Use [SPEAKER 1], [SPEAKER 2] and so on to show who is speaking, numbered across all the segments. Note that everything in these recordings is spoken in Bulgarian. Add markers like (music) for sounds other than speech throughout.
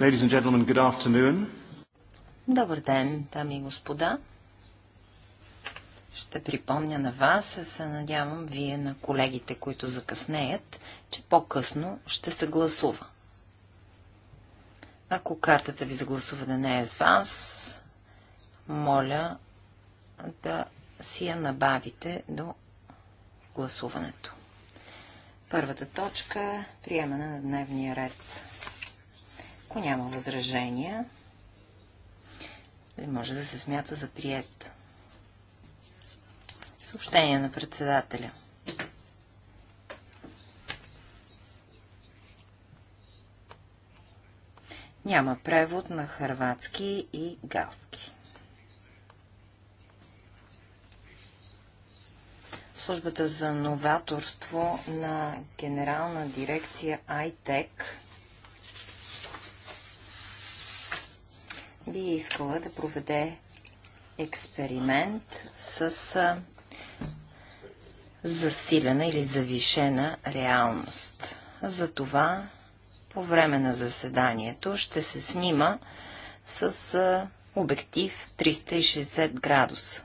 [SPEAKER 1] Ladies and gentlemen, good afternoon.
[SPEAKER 2] Добър ден, дами и господа. Ще припомня на вас, а се надявам вие на колегите, които закъснеят, че по-късно ще се гласува. Ако картата ви за гласуване не е с вас, моля да си я набавите до гласуването. Първата точка – е приемане на дневния ред. Ако няма възражения, може да се смята за прият. Съобщение на председателя. Няма превод на хърватски и галски. Службата за новаторство на Генерална дирекция ITEC би искала да проведе експеримент с засилена или завишена реалност. Затова по време на заседанието ще се снима с обектив 360 градуса.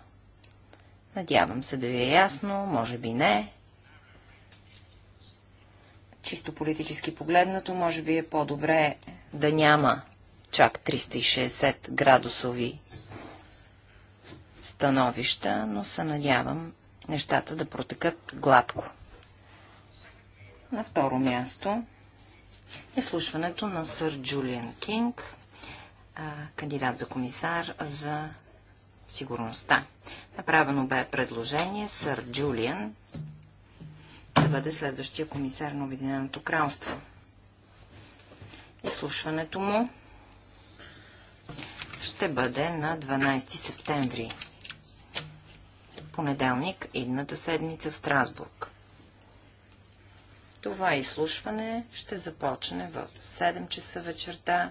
[SPEAKER 2] Надявам се да ви е ясно, може би не. Чисто политически погледнато, може би е по-добре да няма чак 360 градусови становища, но се надявам нещата да протекат гладко. На второ място изслушването на сър Джулиан Кинг, кандидат за комисар за сигурността. Направено бе предложение сър Джулиан да бъде следващия комисар на Обединеното кралство. Изслушването му ще бъде на 12 септември, понеделник, идната седмица в Страсбург. Това изслушване ще започне в 7 часа вечерта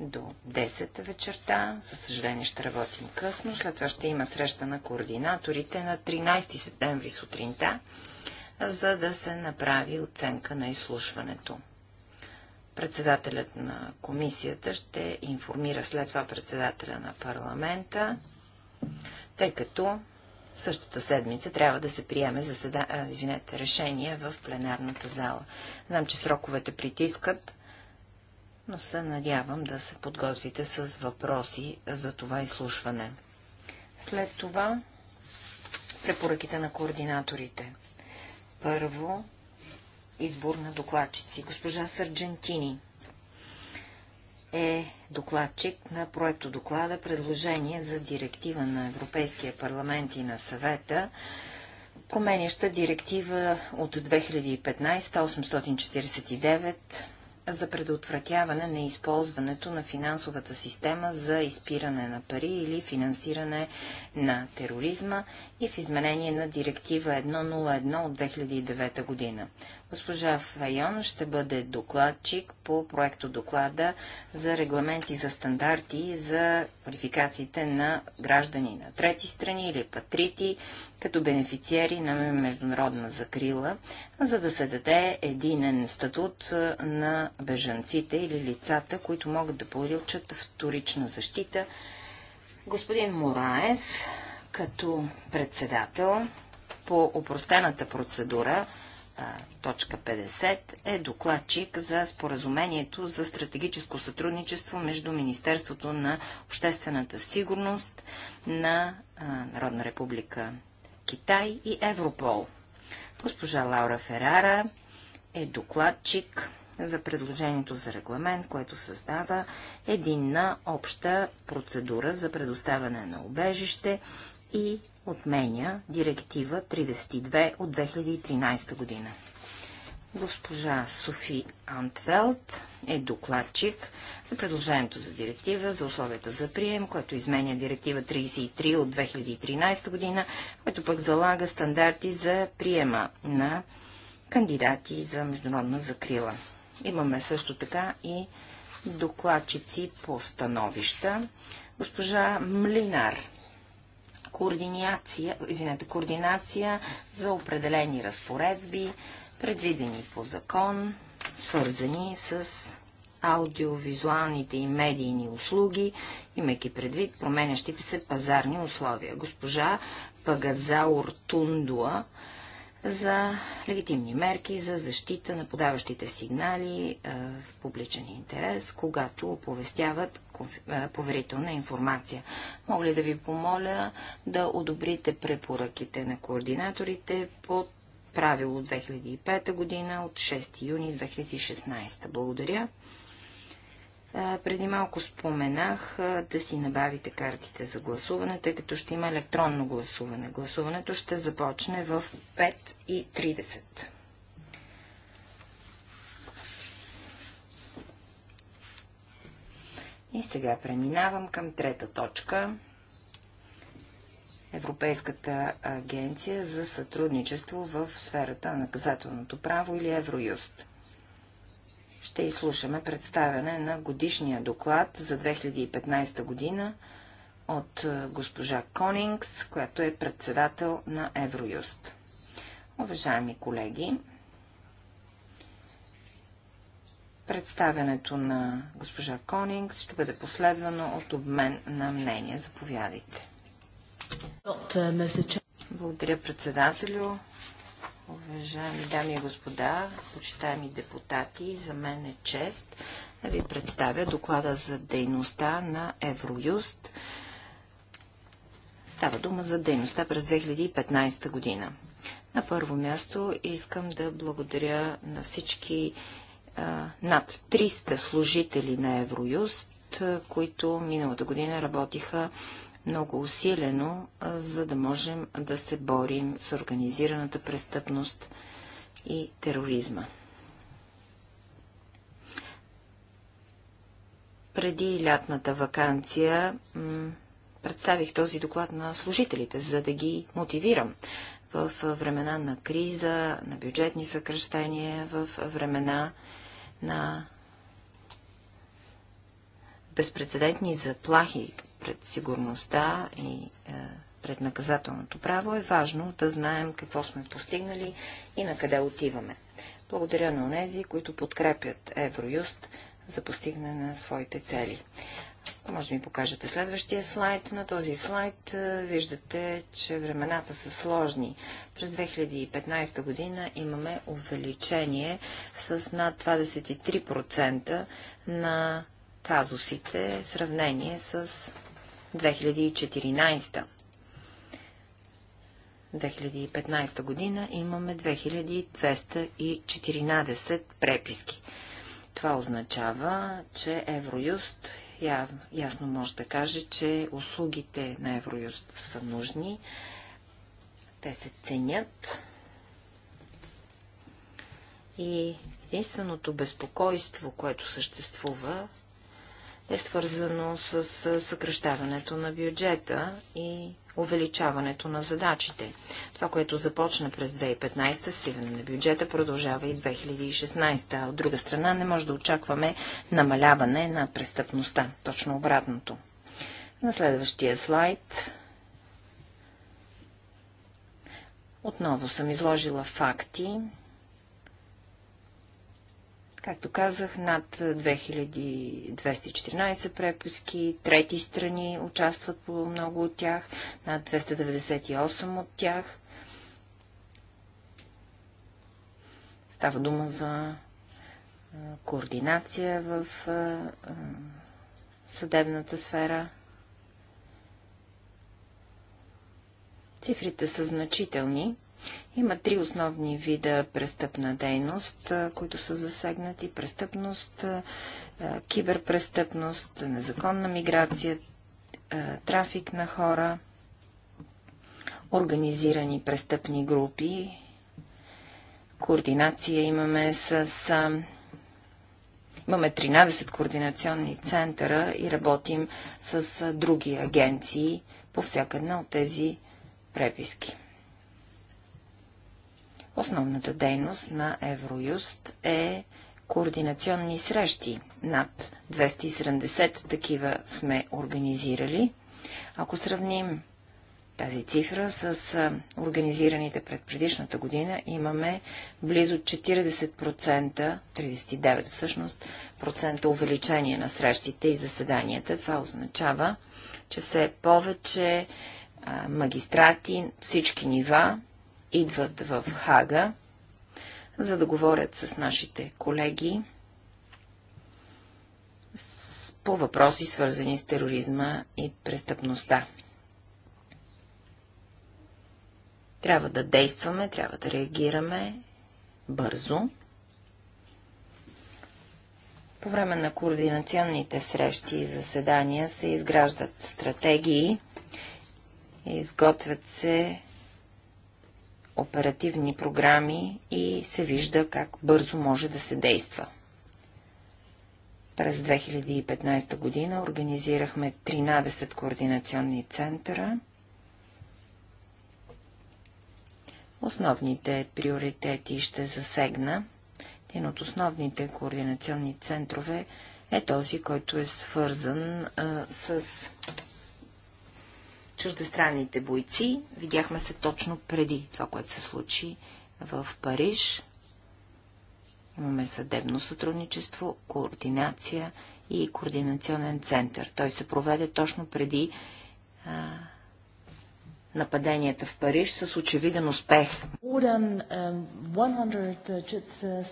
[SPEAKER 2] до 10 вечерта. За съжаление ще работим късно. След това ще има среща на координаторите на 13 септември сутринта, за да се направи оценка на изслушването. Председателят на комисията ще информира след това председателя на парламента, тъй като същата седмица трябва да се приеме седа... а, извинете, решение в пленарната зала. Знам, че сроковете притискат, но се надявам да се подготвите с въпроси за това изслушване. След това препоръките на координаторите. Първо, избор на докладчици. Госпожа Сарджентини е докладчик на проекто доклада предложение за директива на Европейския парламент и на съвета, променяща директива от 2015-849 за предотвратяване на използването на финансовата система за изпиране на пари или финансиране на тероризма и в изменение на директива 101 от 2009 година. Госпожа Файон ще бъде докладчик по проекто доклада за регламенти за стандарти за квалификациите на граждани на трети страни или патрити, като бенефициери на международна закрила, за да се даде единен статут на бежанците или лицата, които могат да получат вторична защита. Господин Мораес, като председател по опростената процедура, точка 50 е докладчик за споразумението за стратегическо сътрудничество между Министерството на обществената сигурност на Народна република Китай и Европол. Госпожа Лаура Ферара е докладчик за предложението за регламент, което създава единна обща процедура за предоставяне на убежище и отменя директива 32 от 2013 година. Госпожа Софи Антвелт е докладчик за предложението за директива за условията за прием, което изменя директива 33 от 2013 година, което пък залага стандарти за приема на кандидати за международна закрила. Имаме също така и докладчици по становища. Госпожа Млинар координация, извинете, координация за определени разпоредби, предвидени по закон, свързани с аудиовизуалните и медийни услуги, имайки предвид променящите се пазарни условия. Госпожа Пагазаур Тундуа за легитимни мерки за защита на подаващите сигнали е, в публичен интерес, когато оповестяват е, поверителна информация. Мога ли да ви помоля да одобрите препоръките на координаторите под правило 2005 година от 6 юни 2016. Благодаря. Преди малко споменах да си набавите картите за гласуване, тъй като ще има електронно гласуване. Гласуването ще започне в 5.30. И сега преминавам към трета точка. Европейската агенция за сътрудничество в сферата на наказателното право или Евроюст ще изслушаме представяне на годишния доклад за 2015 година от е, госпожа Конингс, която е председател на Евроюст. Уважаеми колеги, представянето на госпожа Конингс ще бъде последвано от обмен на мнение. Заповядайте. Е, Благодаря, председателю. Уважаеми дами и господа, почитаеми депутати, за мен е чест да ви представя доклада за дейността на Евроюст. Става дума за дейността през 2015 година. На първо място искам да благодаря на всички а, над 300 служители на Евроюст, които миналата година работиха много усилено, за да можем да се борим с организираната престъпност и тероризма. Преди лятната вакансия представих този доклад на служителите, за да ги мотивирам в времена на криза, на бюджетни съкръщения, в времена на безпредседентни заплахи, пред сигурността и е, пред наказателното право, е важно да знаем какво сме постигнали и на къде отиваме. Благодаря на онези, които подкрепят Евроюст за постигане на своите цели. Може да ми покажете следващия слайд. На този слайд е, виждате, че времената са сложни. През 2015 година имаме увеличение с над 23% на казусите в сравнение с 2014. 2015 година имаме 2214 преписки. Това означава, че Евроюст я, ясно може да каже, че услугите на Евроюст са нужни, те се ценят и единственото безпокойство, което съществува, е свързано с съкръщаването на бюджета и увеличаването на задачите. Това, което започна през 2015, свиване на бюджета, продължава и 2016. А от друга страна не може да очакваме намаляване на престъпността. Точно обратното. На следващия слайд отново съм изложила факти Както казах, над 2214 преписки, трети страни участват по много от тях, над 298 от тях. Става дума за координация в съдебната сфера. Цифрите са значителни. Има три основни вида престъпна дейност, които са засегнати. Престъпност, киберпрестъпност, незаконна миграция, трафик на хора, организирани престъпни групи. Координация имаме с Имаме 13 координационни центъра и работим с други агенции по всяка една от тези преписки. Основната дейност на Евроюст е координационни срещи. Над 270 такива сме организирали. Ако сравним тази цифра с организираните пред предишната година, имаме близо 40%, 39% всъщност, процента увеличение на срещите и заседанията. Това означава, че все повече магистрати, всички нива идват в Хага, за да говорят с нашите колеги по въпроси, свързани с тероризма и престъпността. Трябва да действаме, трябва да реагираме бързо. По време на координационните срещи и заседания се изграждат стратегии, изготвят се оперативни програми и се вижда как бързо може да се действа. През 2015 година организирахме 13 координационни центъра. Основните приоритети ще засегна. Един от основните координационни центрове е този, който е свързан а, с чуждестранните бойци. Видяхме се точно преди това, което се случи в Париж. Имаме съдебно сътрудничество, координация и координационен център. Той се проведе точно преди а, нападенията в Париж с очевиден успех.
[SPEAKER 3] Uh,
[SPEAKER 2] uh,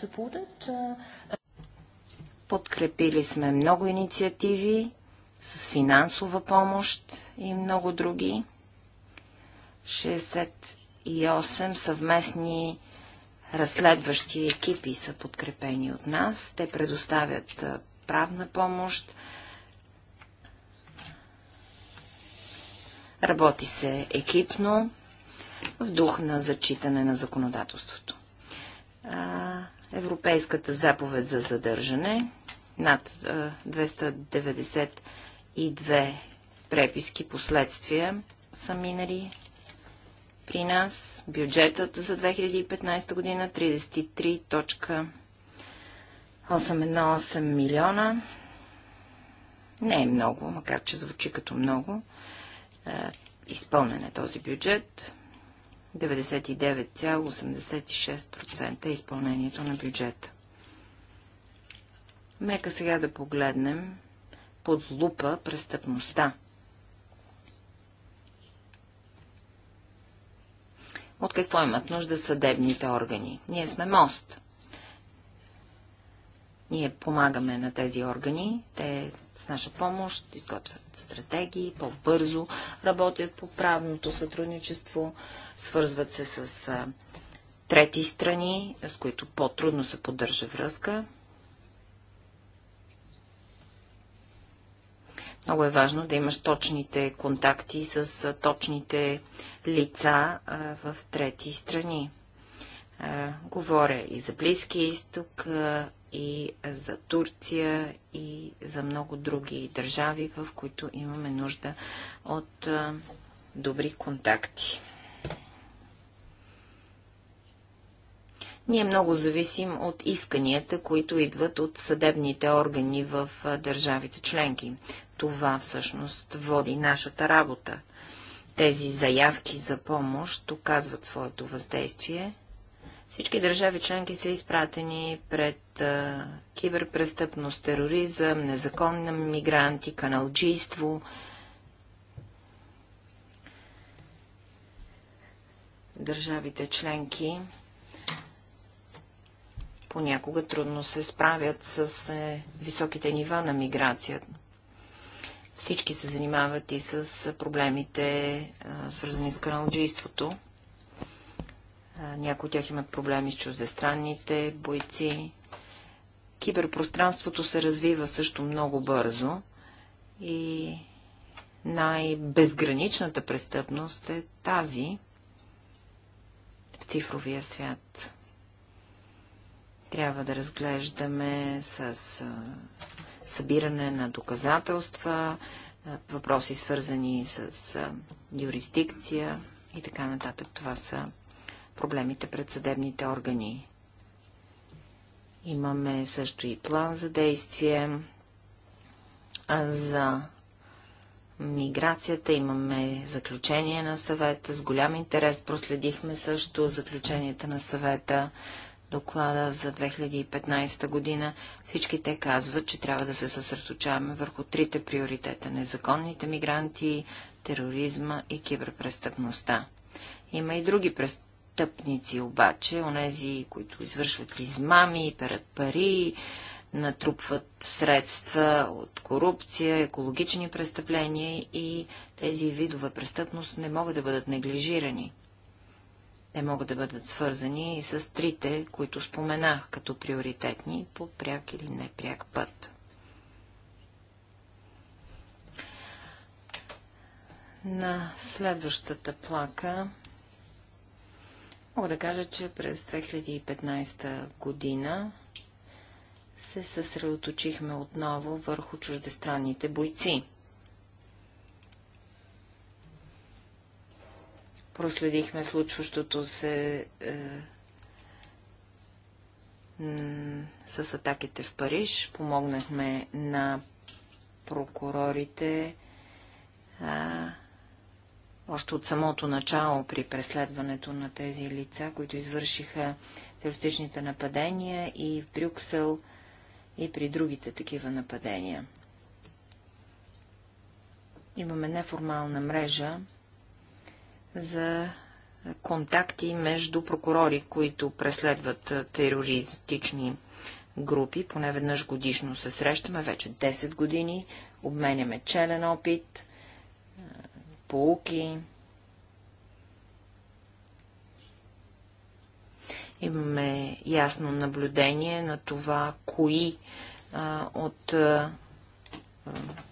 [SPEAKER 2] Подкрепили сме много инициативи с финансова помощ и много други. 68 съвместни разследващи екипи са подкрепени от нас. Те предоставят правна помощ. Работи се екипно в дух на зачитане на законодателството. Европейската заповед за задържане над 290 и две преписки последствия са минали при нас. Бюджетът за 2015 година 33.818 милиона. Не е много, макар че звучи като много. Е, изпълнен е този бюджет. 99,86% е изпълнението на бюджета. Нека сега да погледнем под лупа престъпността. От какво имат нужда съдебните органи? Ние сме мост. Ние помагаме на тези органи, те с наша помощ изготвят стратегии, по-бързо работят по правното сътрудничество, свързват се с трети страни, с които по-трудно се поддържа връзка. Много е важно да имаш точните контакти с точните лица в трети страни. Говоря и за Близкия изток, и за Турция, и за много други държави, в които имаме нужда от добри контакти. Ние много зависим от исканията, които идват от съдебните органи в държавите членки това всъщност води нашата работа. Тези заявки за помощ оказват своето въздействие. Всички държави членки са изпратени пред а, киберпрестъпност, тероризъм, незаконни мигранти, каналджийство. Държавите членки понякога трудно се справят с е, високите нива на миграцията всички се занимават и с проблемите, свързани с каналджийството. Някои от тях имат проблеми с чуждестранните бойци. Киберпространството се развива също много бързо и най-безграничната престъпност е тази в цифровия свят. Трябва да разглеждаме с събиране на доказателства, въпроси свързани с юрисдикция и така нататък. Това са проблемите пред съдебните органи. Имаме също и план за действие за миграцията. Имаме заключение на съвета. С голям интерес проследихме също заключенията на съвета доклада за 2015 година, всички те казват, че трябва да се съсредоточаваме върху трите приоритета – незаконните мигранти, тероризма и киберпрестъпността. Има и други престъпници обаче, онези, които извършват измами, перат пари, натрупват средства от корупция, екологични престъпления и тези видове престъпност не могат да бъдат неглижирани – те могат да бъдат свързани и с трите, които споменах като приоритетни по пряк или непряк път. На следващата плака мога да кажа, че през 2015 година се съсредоточихме отново върху чуждестранните бойци. проследихме случващото се е, с атаките в Париж, помогнахме на прокурорите а, още от самото начало при преследването на тези лица, които извършиха терористичните нападения и в Брюксел, и при другите такива нападения. Имаме неформална мрежа за контакти между прокурори, които преследват терористични групи. Поне веднъж годишно се срещаме, вече 10 години, обменяме челен опит, полуки. Имаме ясно наблюдение на това, кои а, от а,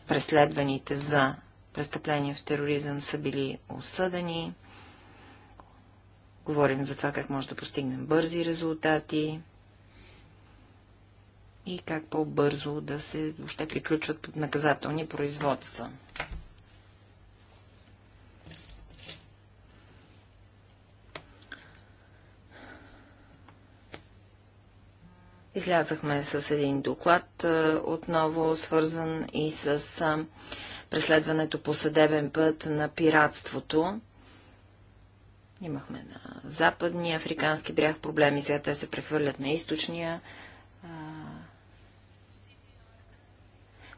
[SPEAKER 2] преследваните за престъпления в тероризъм са били осъдени. Говорим за това как може да постигнем бързи резултати и как по-бързо да се въобще приключват под наказателни производства. Излязахме с един доклад отново, свързан и с преследването по съдебен път на пиратството. Имахме на западния африкански бряг проблеми, сега те се прехвърлят на източния.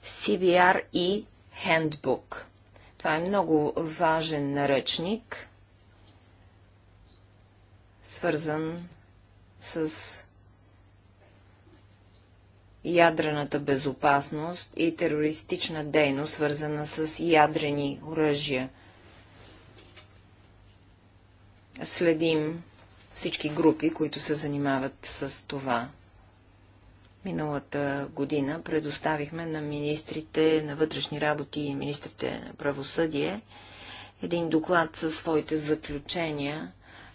[SPEAKER 2] CBR и Handbook. Това е много важен наръчник, свързан с ядрената безопасност и терористична дейност, свързана с ядрени оръжия. Следим всички групи, които се занимават с това. Миналата година предоставихме на министрите на вътрешни работи и министрите на правосъдие един доклад със своите заключения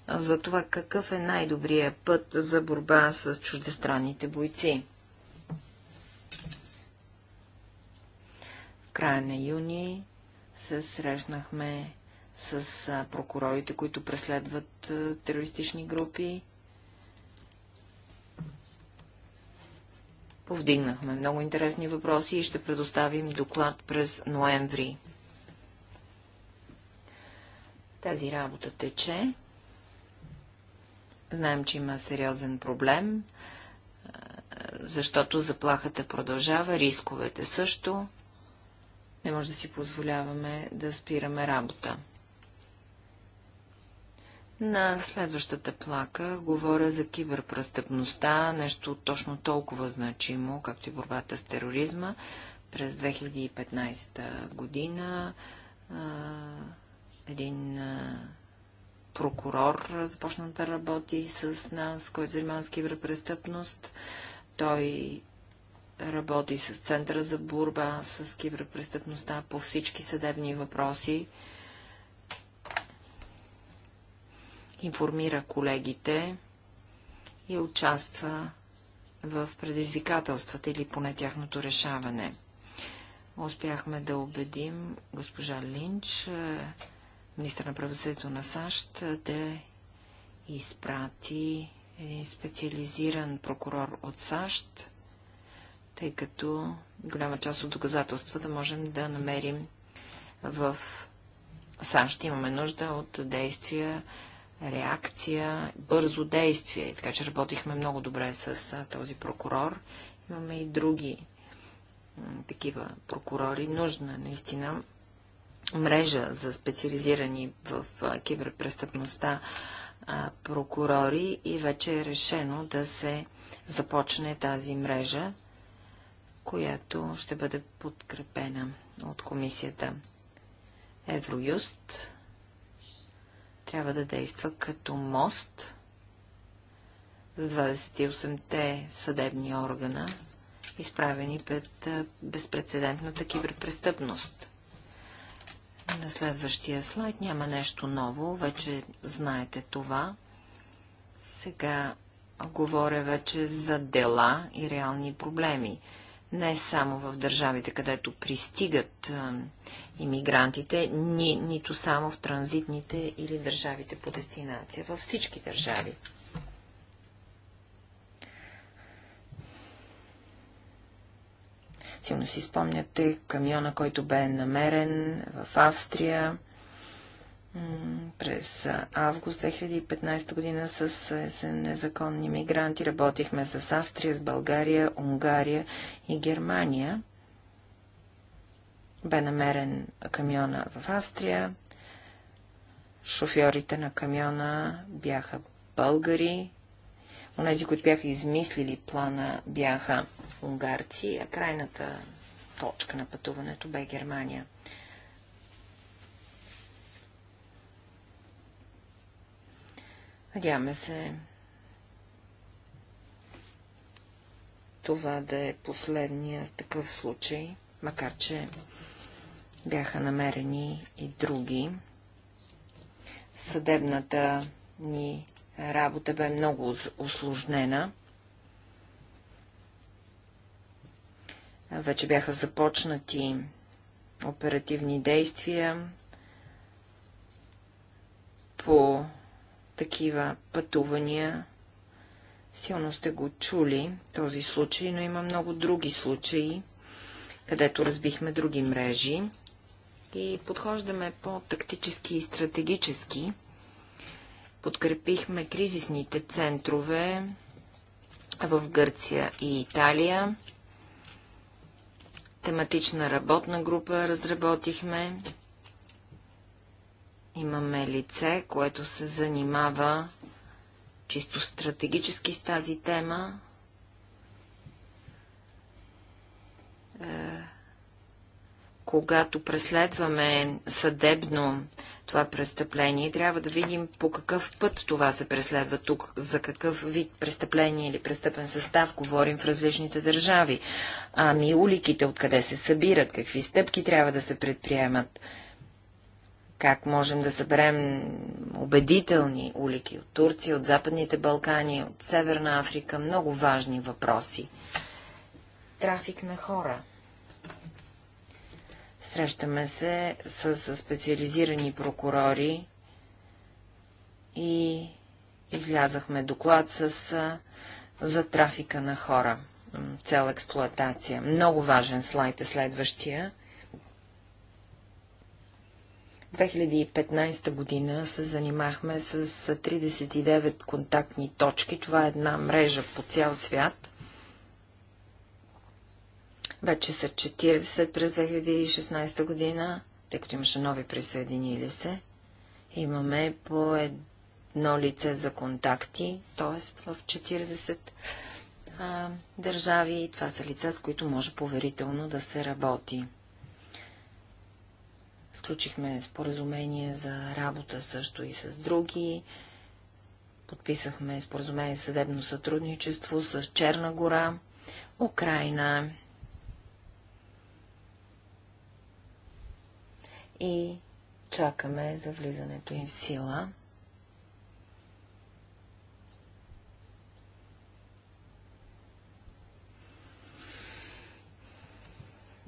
[SPEAKER 2] за това какъв е най-добрият път за борба с чуждестранните бойци. края на юни се срещнахме с прокурорите, които преследват терористични групи. Повдигнахме много интересни въпроси и ще предоставим доклад през ноември. Тази работа тече. Знаем, че има сериозен проблем, защото заплахата продължава, рисковете също. Не може да си позволяваме да спираме работа. На следващата плака говоря за киберпрестъпността, нещо точно толкова значимо, както и борбата с тероризма. През 2015 година един прокурор започна да работи с нас, който занимава с киберпрестъпност. Той работи с Центъра за борба с киберпрестъпността по всички съдебни въпроси. Информира колегите и участва в предизвикателствата или поне тяхното решаване. Успяхме да убедим госпожа Линч, е, министър на правосъдието на САЩ, е, да изпрати един специализиран прокурор от САЩ, тъй като голяма част от доказателствата да можем да намерим в САЩ. Имаме нужда от действия, реакция, бързо действие. Така че работихме много добре с този прокурор. Имаме и други такива прокурори. Нужна наистина мрежа за специализирани в киберпрестъпността прокурори и вече е решено да се започне тази мрежа която ще бъде подкрепена от комисията. Евроюст трябва да действа като мост с 28-те съдебни органа, изправени пред безпредседентната киберпрестъпност. На следващия слайд няма нещо ново, вече знаете това. Сега говоря вече за дела и реални проблеми не само в държавите, където пристигат иммигрантите, ни, нито само в транзитните или държавите по дестинация, във всички държави. Силно си спомняте камиона, който бе намерен в Австрия през август 2015 година с незаконни мигранти. Работихме с Австрия, с България, Унгария и Германия. Бе намерен камиона в Австрия. Шофьорите на камиона бяха българи. Онези, които бяха измислили плана, бяха унгарци, а крайната точка на пътуването бе Германия. Надяваме се това да е последния такъв случай, макар че бяха намерени и други. Съдебната ни работа бе много осложнена. Вече бяха започнати оперативни действия по такива пътувания. Силно сте го чули този случай, но има много други случаи, където разбихме други мрежи и подхождаме по-тактически и стратегически. Подкрепихме кризисните центрове в Гърция и Италия. Тематична работна група разработихме Имаме лице, което се занимава чисто стратегически с тази тема. Е, когато преследваме съдебно това престъпление, трябва да видим по какъв път това се преследва тук, за какъв вид престъпление или престъпен състав говорим в различните държави. Ами уликите, откъде се събират, какви стъпки трябва да се предприемат как можем да съберем убедителни улики от Турция, от Западните Балкани, от Северна Африка, много важни въпроси. Трафик на хора. Срещаме се с специализирани прокурори и излязахме доклад с, за трафика на хора, цел експлоатация. Много важен слайд е следващия. 2015 година се занимахме с 39 контактни точки. Това е една мрежа по цял свят. Вече са 40 през 2016 година, тъй като имаше нови присъединили се. Имаме по едно лице за контакти, т.е. в 40 държави. Това са лица, с които може поверително да се работи. Сключихме споразумение за работа също и с други. Подписахме споразумение за съдебно сътрудничество с Черна гора, Украина и чакаме за влизането им в сила.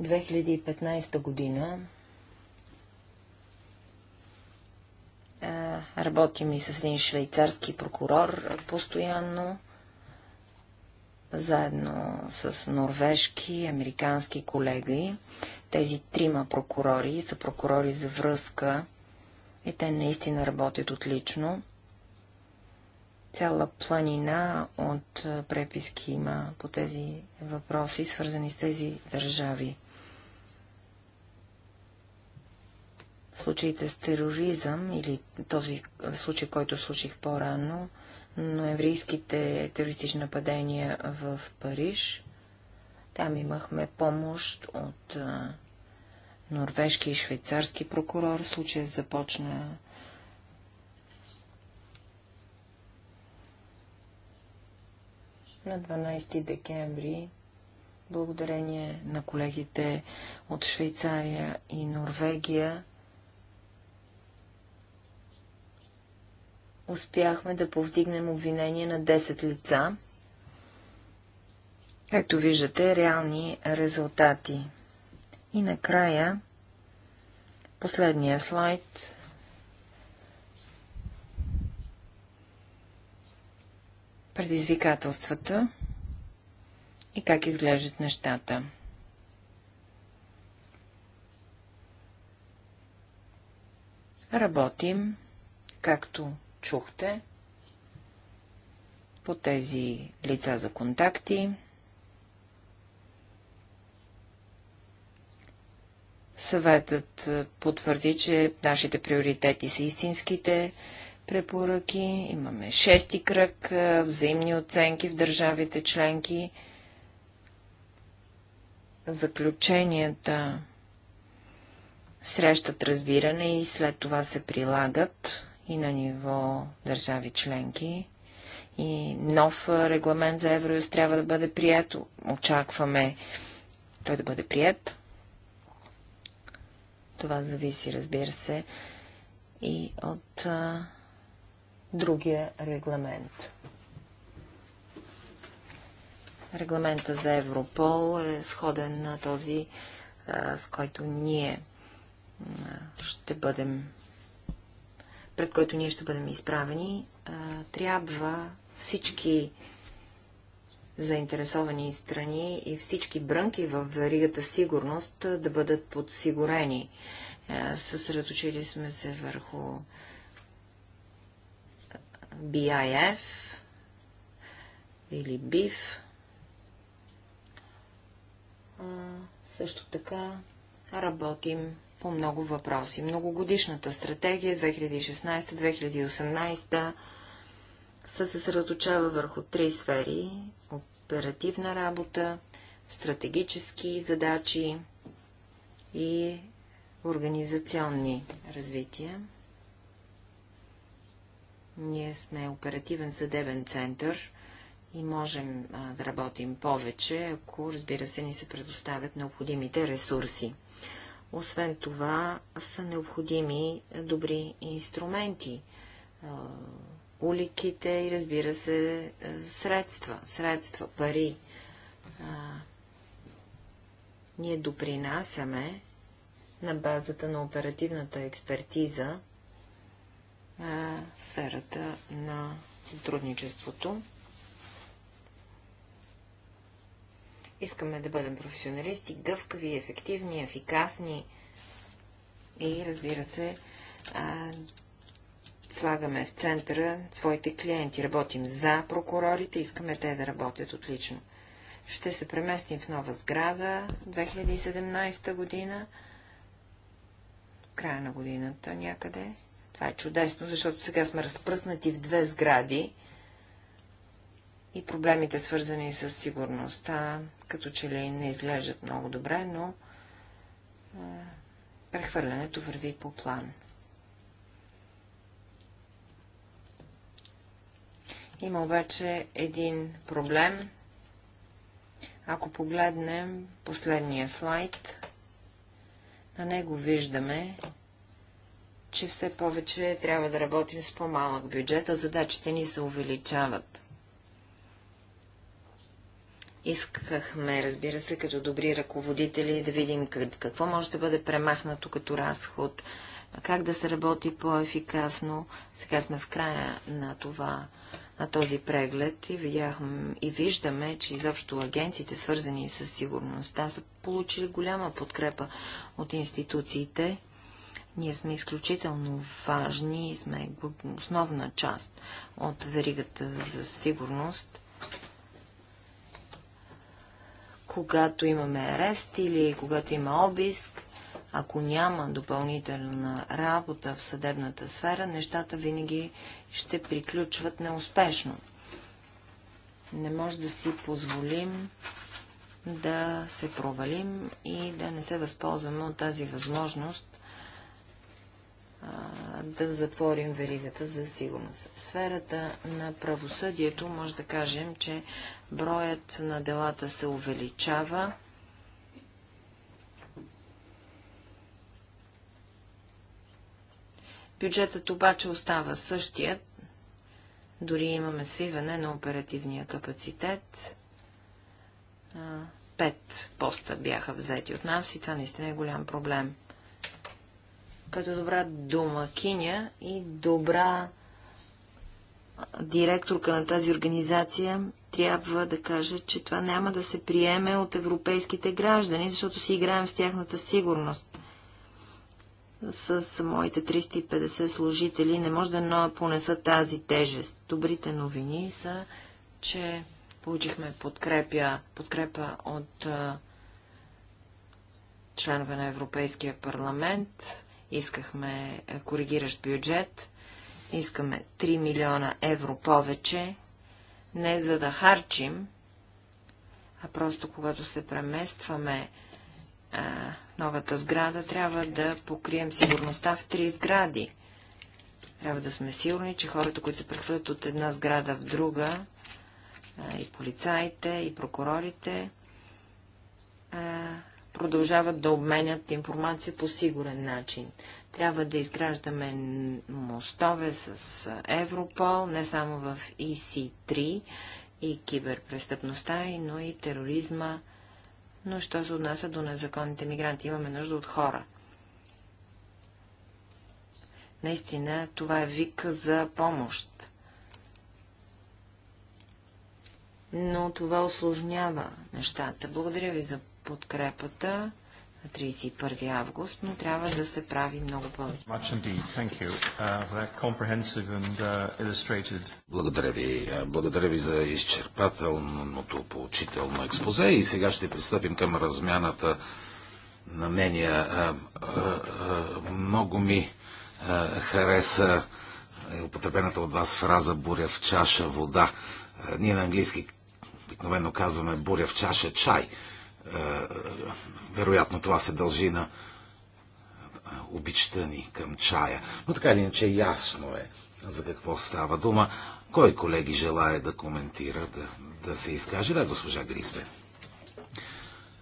[SPEAKER 2] 2015 година Работим и с един швейцарски прокурор постоянно, заедно с норвежки, американски колеги. Тези трима прокурори са прокурори за връзка и те наистина работят отлично. Цяла планина от преписки има по тези въпроси, свързани с тези държави. случаите с тероризъм или този случай, който случих по-рано, еврейските терористични нападения в Париж. Там имахме помощ от а, норвежки и швейцарски прокурор. Случая започна на 12 декември, благодарение на колегите от Швейцария и Норвегия успяхме да повдигнем обвинение на 10 лица. Както виждате, реални резултати. И накрая, последния слайд. Предизвикателствата и как изглеждат нещата. Работим, както чухте по тези лица за контакти. Съветът потвърди, че нашите приоритети са истинските препоръки. Имаме шести кръг, взаимни оценки в държавите членки. Заключенията срещат разбиране и след това се прилагат и на ниво държави членки. И нов регламент за Евроюз трябва да бъде прият. Очакваме той да бъде прият. Това зависи, разбира се, и от а, другия регламент. Регламента за Европол е сходен на този, а, с който ние а, ще бъдем пред който ние ще бъдем изправени, трябва всички заинтересовани страни и всички брънки в веригата сигурност да бъдат подсигурени. Съсредоточили сме се върху BIF или BIF. Също така работим по много въпроси. Многогодишната стратегия 2016-2018 се съсредоточава върху три сфери – оперативна работа, стратегически задачи и организационни развития. Ние сме оперативен съдебен център и можем а, да работим повече, ако, разбира се, ни се предоставят необходимите ресурси. Освен това са необходими добри инструменти, уликите и разбира се средства, средства, пари. Ние допринасяме на базата на оперативната експертиза в сферата на сътрудничеството. Искаме да бъдем професионалисти, гъвкави, ефективни, ефикасни и, разбира се, а, слагаме в центъра своите клиенти. Работим за прокурорите, искаме те да работят отлично. Ще се преместим в нова сграда 2017 година, края на годината някъде. Това е чудесно, защото сега сме разпръснати в две сгради и проблемите свързани с сигурността, като че ли не изглеждат много добре, но е, прехвърлянето върви по план. Има обаче един проблем. Ако погледнем последния слайд, на него виждаме, че все повече трябва да работим с по-малък бюджет, а задачите ни се увеличават. Искахме, разбира се, като добри ръководители да видим какво може да бъде премахнато като разход, как да се работи по-ефикасно. Сега сме в края на това на този преглед и, видяхме, и виждаме, че изобщо агенциите, свързани с сигурността, са получили голяма подкрепа от институциите. Ние сме изключително важни и сме основна част от веригата за сигурност. когато имаме арест или когато има обиск, ако няма допълнителна работа в съдебната сфера, нещата винаги ще приключват неуспешно. Не може да си позволим да се провалим и да не се възползваме от тази възможност да затворим веригата за сигурност. В сферата на правосъдието може да кажем, че броят на делата се увеличава. Бюджетът обаче остава същият. Дори имаме свиване на оперативния капацитет. Пет поста бяха взети от нас и това наистина е голям проблем като добра домакиня и добра директорка на тази организация, трябва да кажа, че това няма да се приеме от европейските граждани, защото си играем с тяхната сигурност. С моите 350 служители не може да понеса тази тежест. Добрите новини са, че получихме подкрепя, подкрепа от членове на Европейския парламент, Искахме е, коригиращ бюджет. Искаме 3 милиона евро повече. Не за да харчим, а просто когато се преместваме а, е, новата сграда, трябва да покрием сигурността в три сгради. Трябва да сме сигурни, че хората, които се прехвърлят от една сграда в друга, а, е, и полицаите, и прокурорите, а, продължават да обменят информация по сигурен начин. Трябва да изграждаме мостове с Европол, не само в EC3 и киберпрестъпността, но и тероризма, но що се отнася до незаконните мигранти. Имаме нужда от хора. Наистина, това е вик за помощ. Но това осложнява нещата. Благодаря ви за подкрепата на 31 август, но трябва да се прави много повече.
[SPEAKER 3] Uh, uh, благодаря ви. Uh, благодаря ви за изчерпателното поучително експозе и сега ще пристъпим към размяната на мнения. Много ми хареса е употребената от вас фраза буря в чаша вода. Ние на английски обикновено казваме буря в чаша чай. Е, вероятно това се дължи на обичта ни към чая. Но така или иначе ясно е за какво става дума. Кой колеги желая да коментира, да, да се изкаже? Да, госпожа Гризбе.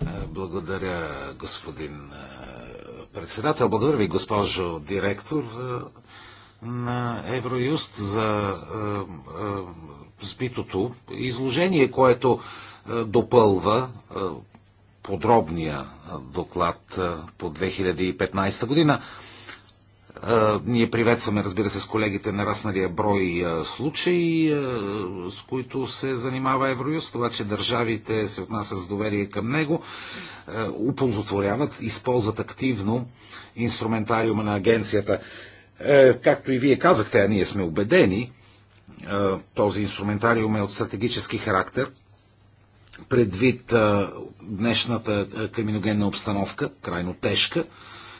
[SPEAKER 3] Е, благодаря, господин е, председател. Благодаря ви, госпожо директор на Евроюст за сбитото изложение, което допълва подробния доклад по 2015 година. Ние приветстваме, разбира се, с колегите нарасналия брой случаи, с които се занимава Евроюз, това, че държавите се отнасят с доверие към него, оползотворяват, използват активно инструментариума на агенцията. Е, както и вие казахте, а ние сме убедени, този инструментариум е от стратегически характер – предвид днешната криминогенна обстановка, крайно тежка,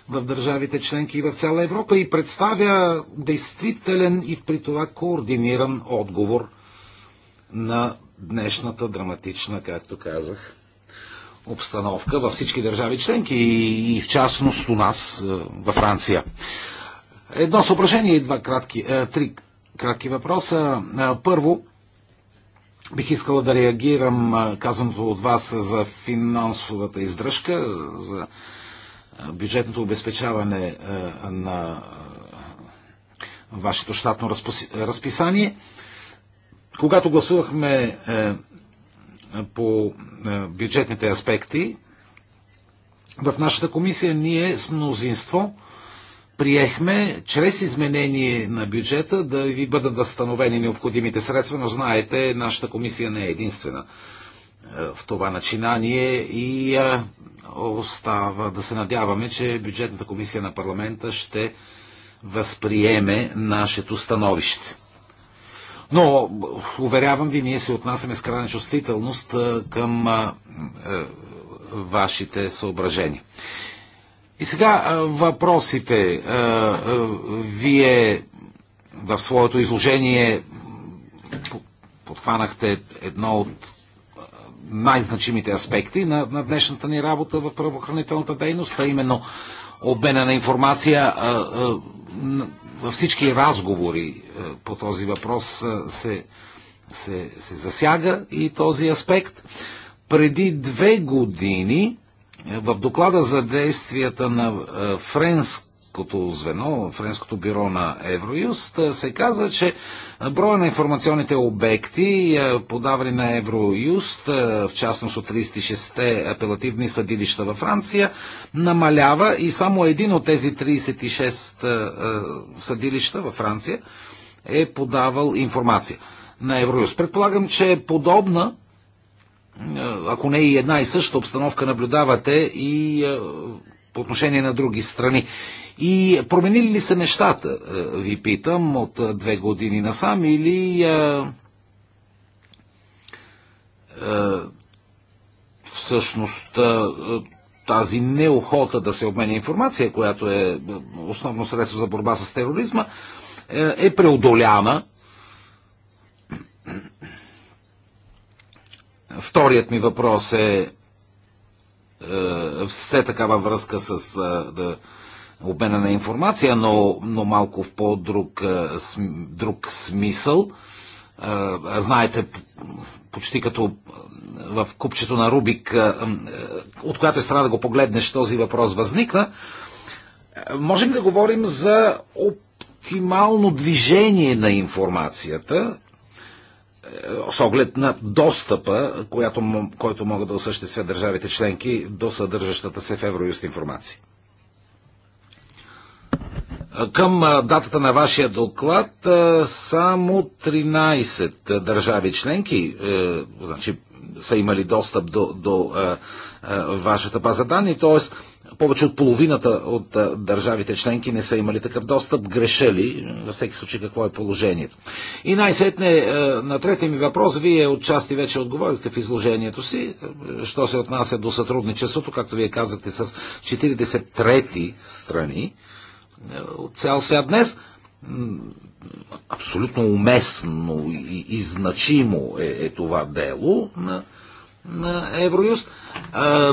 [SPEAKER 3] в държавите членки и в цяла Европа и представя действителен и при това координиран отговор на днешната драматична, както казах, обстановка във всички държави членки и в частност у нас във Франция. Едно съображение и два кратки, три кратки въпроса. Първо, Бих искала да реагирам казаното от вас за финансовата издръжка, за бюджетното обезпечаване на вашето щатно разписание. Когато гласувахме е, по е, бюджетните аспекти, в нашата комисия ние с мнозинство приехме чрез изменение на бюджета да ви бъдат възстановени необходимите средства, но знаете, нашата комисия не е единствена е, в това начинание и е, остава да се надяваме, че бюджетната комисия на парламента ще възприеме нашето становище. Но, уверявам ви, ние се отнасяме с крайна чувствителност е, към вашите съображения. И сега въпросите. Вие в своето изложение подхванахте едно от най-значимите аспекти на, на днешната ни работа в правоохранителната дейност, а именно обмена на информация. Във всички разговори по този въпрос се, се, се засяга и този аспект. Преди две години в доклада за действията на е, френското звено, френското бюро на Евроюст, е, се каза, че броя на информационните обекти, е, подавали на Евроюст, в частност от 36-те апелативни съдилища във Франция, намалява и само един от тези 36 съдилища във Франция е подавал информация на Евроюст. Предполагам, че подобна е, ако не и една и съща обстановка наблюдавате и е, по отношение на други страни. И променили ли се нещата, е, ви питам, от две години насам или всъщност тази неохота да се обменя информация, която е основно средство за борба с тероризма, е преодоляна Вторият ми въпрос е, е все така във връзка с е, да, обмена на информация, но, но малко в по-друг е, друг смисъл. Знаете, почти като в купчето на Рубик, от която е страна да го погледнеш, този въпрос възникна. Можем да говорим за оптимално движение на информацията с оглед на достъпа, която, който могат да осъществят държавите членки до съдържащата се в Евроюст информация. Към датата на вашия доклад само 13 държави членки е, значи, са имали достъп до, до вашата база данни, т.е повече от половината от държавите членки не са имали такъв достъп. Греша ли? Във всеки случай какво е положението? И най-сетне е, на третия ми въпрос, вие отчасти вече отговорихте в изложението си, е, що се отнася до сътрудничеството, както вие казахте, с 43 страни е, от цял свят днес абсолютно уместно и, и значимо е, е това дело на на Евроюст.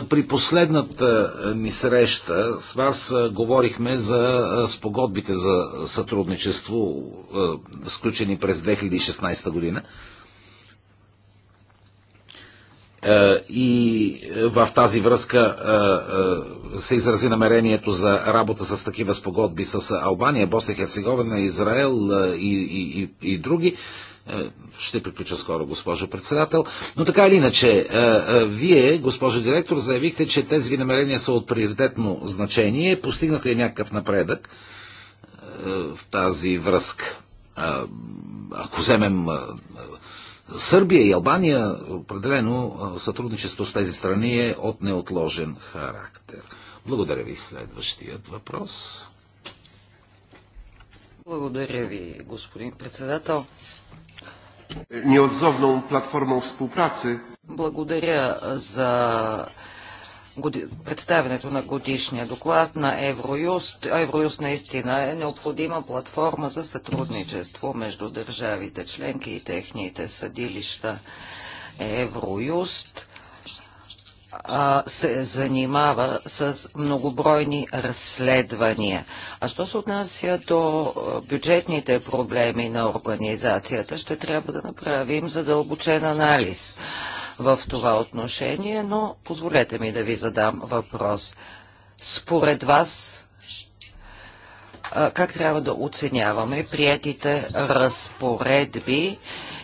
[SPEAKER 3] При последната ни среща с вас говорихме за спогодбите за сътрудничество, сключени през 2016 година. И в тази връзка се изрази намерението за работа с такива спогодби с Албания, Босния Херцеговина, Израел и, и, и, и други. Е, ще приключа скоро, госпожо председател. Но така или иначе, е, е, вие, госпожо директор, заявихте, че тези ви намерения са от приоритетно значение. Постигнат ли е някакъв напредък в тази връзка? Ако вземем Сърбия и Албания, определено сътрудничество с тези страни е от неотложен характер. Благодаря ви. Следващият въпрос.
[SPEAKER 1] Благодаря ви, господин председател.
[SPEAKER 3] Неотзовна платформа współpracy.
[SPEAKER 1] Благодаря за представенето на годишния доклад на Евроюст. Евроюст наистина е необходима платформа за сътрудничество между държавите членки и техните съдилища. Евроюст а, се занимава с многобройни разследвания. А що се отнася до бюджетните проблеми на организацията, ще трябва да направим задълбочен анализ в това отношение, но позволете ми да ви задам въпрос. Според вас, а, как трябва да оценяваме приятите разпоредби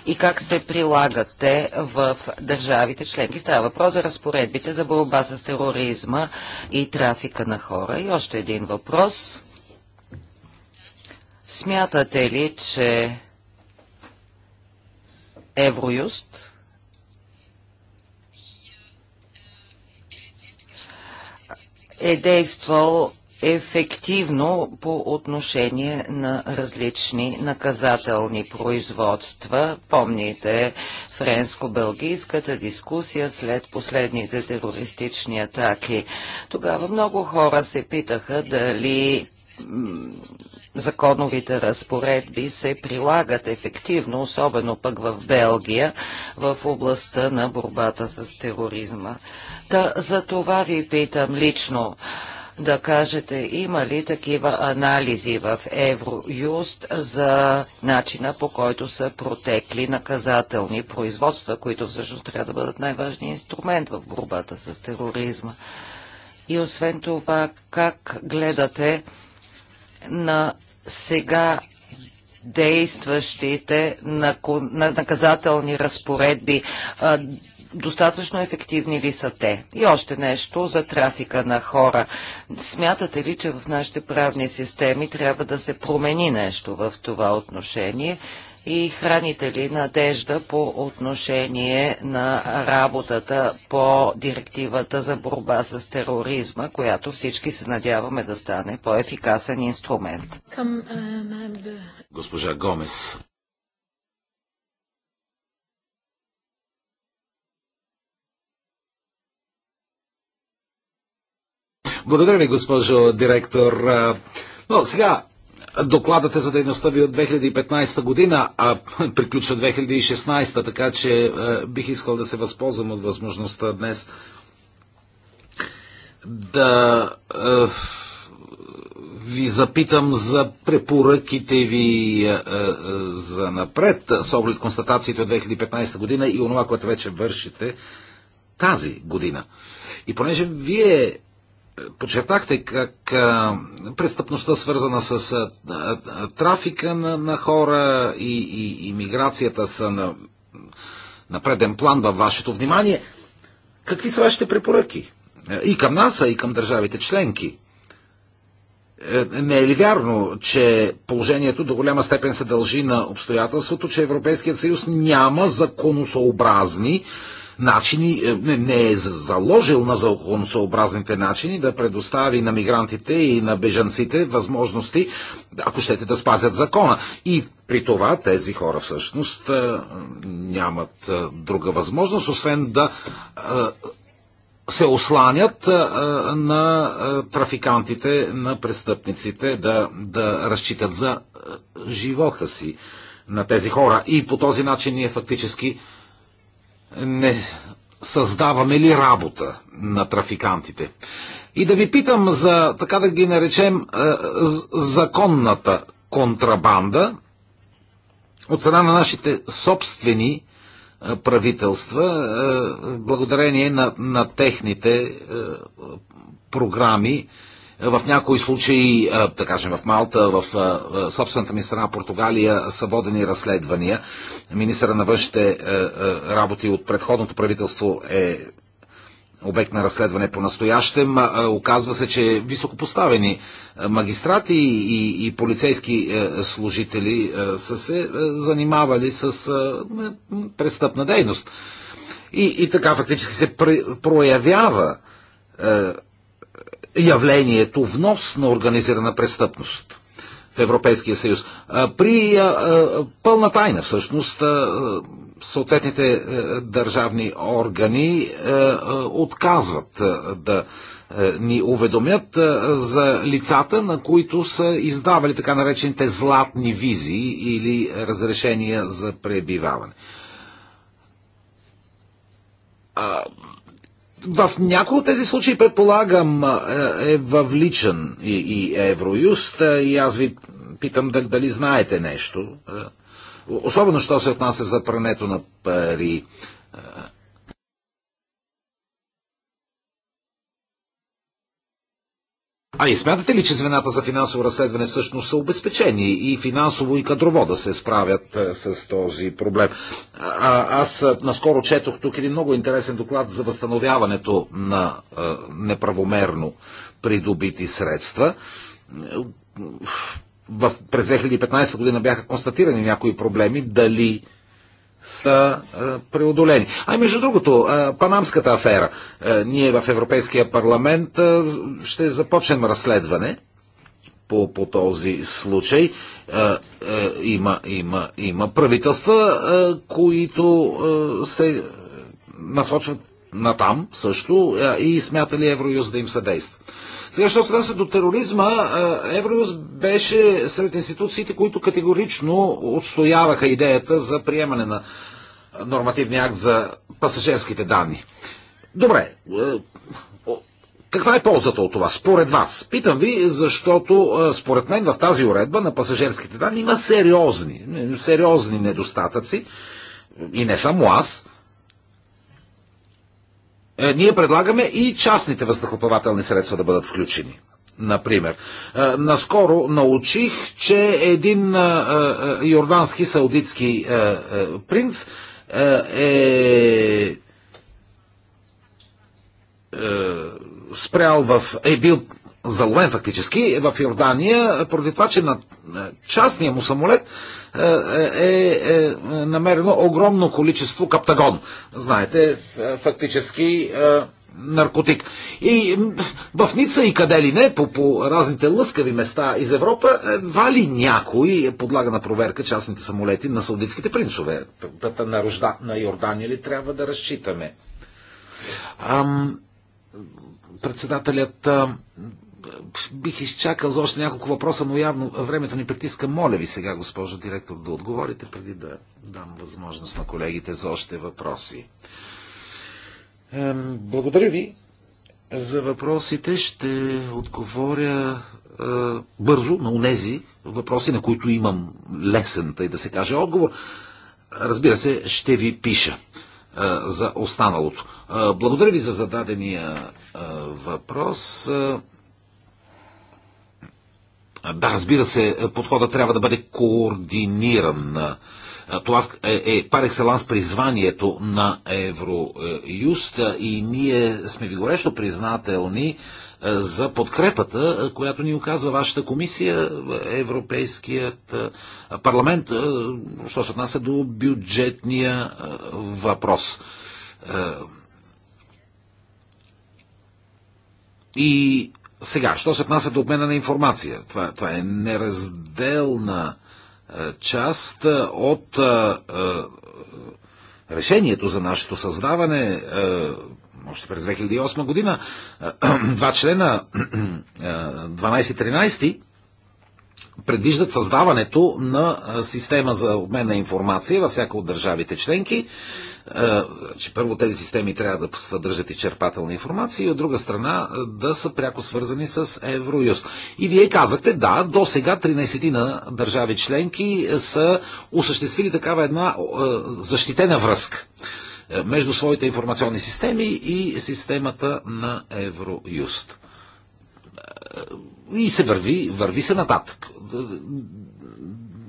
[SPEAKER 1] и как се прилагат те в държавите членки. Става въпрос за разпоредбите за борба с тероризма и трафика на хора. И още един въпрос. Смятате ли, че Евроюст е действал ефективно по отношение на различни наказателни производства. Помните френско-бългийската дискусия след последните терористични атаки. Тогава много хора се питаха дали законовите разпоредби се прилагат ефективно, особено пък в Белгия, в областта на борбата с тероризма. Та, за това ви питам лично да кажете има ли такива анализи в Евроюст за начина по който са протекли наказателни производства, които всъщност трябва да бъдат най-важният инструмент в борбата с тероризма. И освен това, как гледате на сега действащите наказателни разпоредби, достатъчно ефективни ли са те? И още нещо за трафика на хора. Смятате ли, че в нашите правни системи трябва да се промени нещо в това отношение? И храните ли надежда по отношение на работата по директивата за борба с тероризма, която всички се надяваме да стане по-ефикасен инструмент?
[SPEAKER 3] Е, Госпожа Гомес. Благодаря ви, госпожо директор. Но сега Докладът е за дейността ви от 2015 година, а (laughs) приключва 2016, така че бих искал да се възползвам от възможността днес да ви запитам за препоръките ви за напред, с оглед констатациите от 2015 година и онова, което вече вършите тази година. И понеже вие подчертахте как престъпността свързана с трафика на, на хора и, и, и миграцията са на, на преден план във вашето внимание. Какви са вашите препоръки? И към нас, и към държавите членки. Е, не е ли вярно, че положението до голяма степен се дължи на обстоятелството, че Европейският съюз няма законосообразни начини, е, не е заложил на законосъобразните начини да предостави на мигрантите и на бежанците възможности, ако щете да спазят закона. И при това тези хора всъщност е, нямат е, друга възможност, освен да се осланят на трафикантите, на престъпниците, да, да разчитат за живота си на тези хора. И по този начин ние фактически не създаваме ли работа на трафикантите. И да ви питам за, така да ги наречем, е, законната контрабанда от страна на нашите собствени е, правителства, е, благодарение на, на техните програми в някои случаи, да кажем в Малта, в собствената ми страна Португалия са водени разследвания. Министъра на външните работи от предходното правителство е обект на разследване по настоящем. Оказва се, че високопоставени магистрати и, и полицейски служители са се занимавали с престъпна дейност. И, и така фактически се проявява явлението внос на организирана престъпност в Европейския съюз. При пълна тайна, всъщност, съответните държавни органи отказват да ни уведомят за лицата, на които са издавали така наречените златни визи или разрешения за пребиваване в някои от тези случаи, предполагам, е, е въвличан и, и Евроюст е, и аз ви питам дали знаете нещо. Е, особено, що се отнася за прането на пари. А и смятате ли, че звената за финансово разследване всъщност са обезпечени и финансово и кадрово да се справят е, с този проблем? А, аз е, наскоро четох тук един много интересен доклад за възстановяването на а, е, неправомерно придобити средства. В, през 2015 година бяха констатирани някои проблеми, дали са преодолени. А и между другото, панамската афера. Ние в Европейския парламент ще започнем разследване по, по този случай. Има, има, има правителства, които се насочват на там също и смята ли Евроюз да им съдейства. Сега, що се до тероризма, Евроюз беше сред институциите, които категорично отстояваха идеята за приемане на нормативния акт за пасажирските данни. Добре, каква е ползата от това, според вас? Питам ви, защото според мен в тази уредба на пасажирските данни има сериозни, сериозни недостатъци. И не само аз. Е, ние предлагаме и частните въздухоплавателни средства да бъдат включени. Например, е, наскоро научих, че един е, йордански саудитски принц е спрял в... е бил заловен фактически в Йордания, поради това, че на частния му самолет е, е, е намерено огромно количество каптагон. Знаете, фактически е, наркотик. И в Ница и къде ли не, по, по разните лъскави места из Европа, едва ли някой подлага на проверка частните самолети на саудитските принцове? Тата на, Рожда, на Йордания ли трябва да разчитаме? Ам, председателят ам, бих изчакал за още няколко въпроса, но явно времето ни притиска. Моля ви сега, госпожо директор, да отговорите, преди да дам възможност на колегите за още въпроси. Благодаря ви за въпросите. Ще отговоря е, бързо на унези въпроси, на които имам лесен, тъй да се каже, отговор. Разбира се, ще ви пиша е, за останалото. Е, благодаря ви за зададения въпрос. Е, да, разбира се, е, подходът трябва да бъде координиран. Е, това е, пар екселанс призванието на Евроюст и ние сме ви горещо признателни за подкрепата, която ни оказа вашата комисия, Европейският парламент, що се отнася до бюджетния въпрос. И сега, що се отнася до обмена на информация? Това, това е неразделна е, част е, от е, решението за нашето създаване още през 2008 година. (clears throat) Два члена, 12-13, предвиждат създаването на система за обмен на информация във всяка от държавите членки. Че първо тези системи трябва да съдържат и черпателна информация и от друга страна да са пряко свързани с Евроюз. И вие казахте, да, до сега 13 на държави членки са осъществили такава една защитена връзка между своите информационни системи и системата на Евроюст и се върви, върви се нататък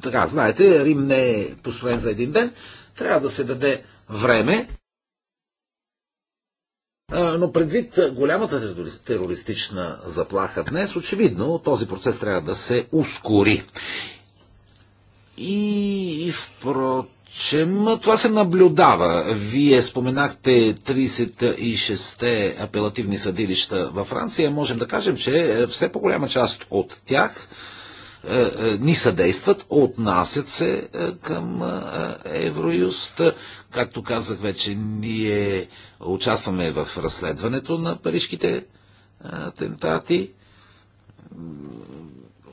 [SPEAKER 3] така, знаете, Рим не е построен за един ден, трябва да се даде време. Но предвид голямата терористична заплаха днес, очевидно този процес трябва да се ускори. И, и впрочем, това се наблюдава. Вие споменахте 36-те апелативни съдилища във Франция. Можем да кажем, че все по-голяма част от тях е, е, ни съдействат, отнасят се е, към Евроюст. Както казах вече, ние участваме в разследването на парижките атентати.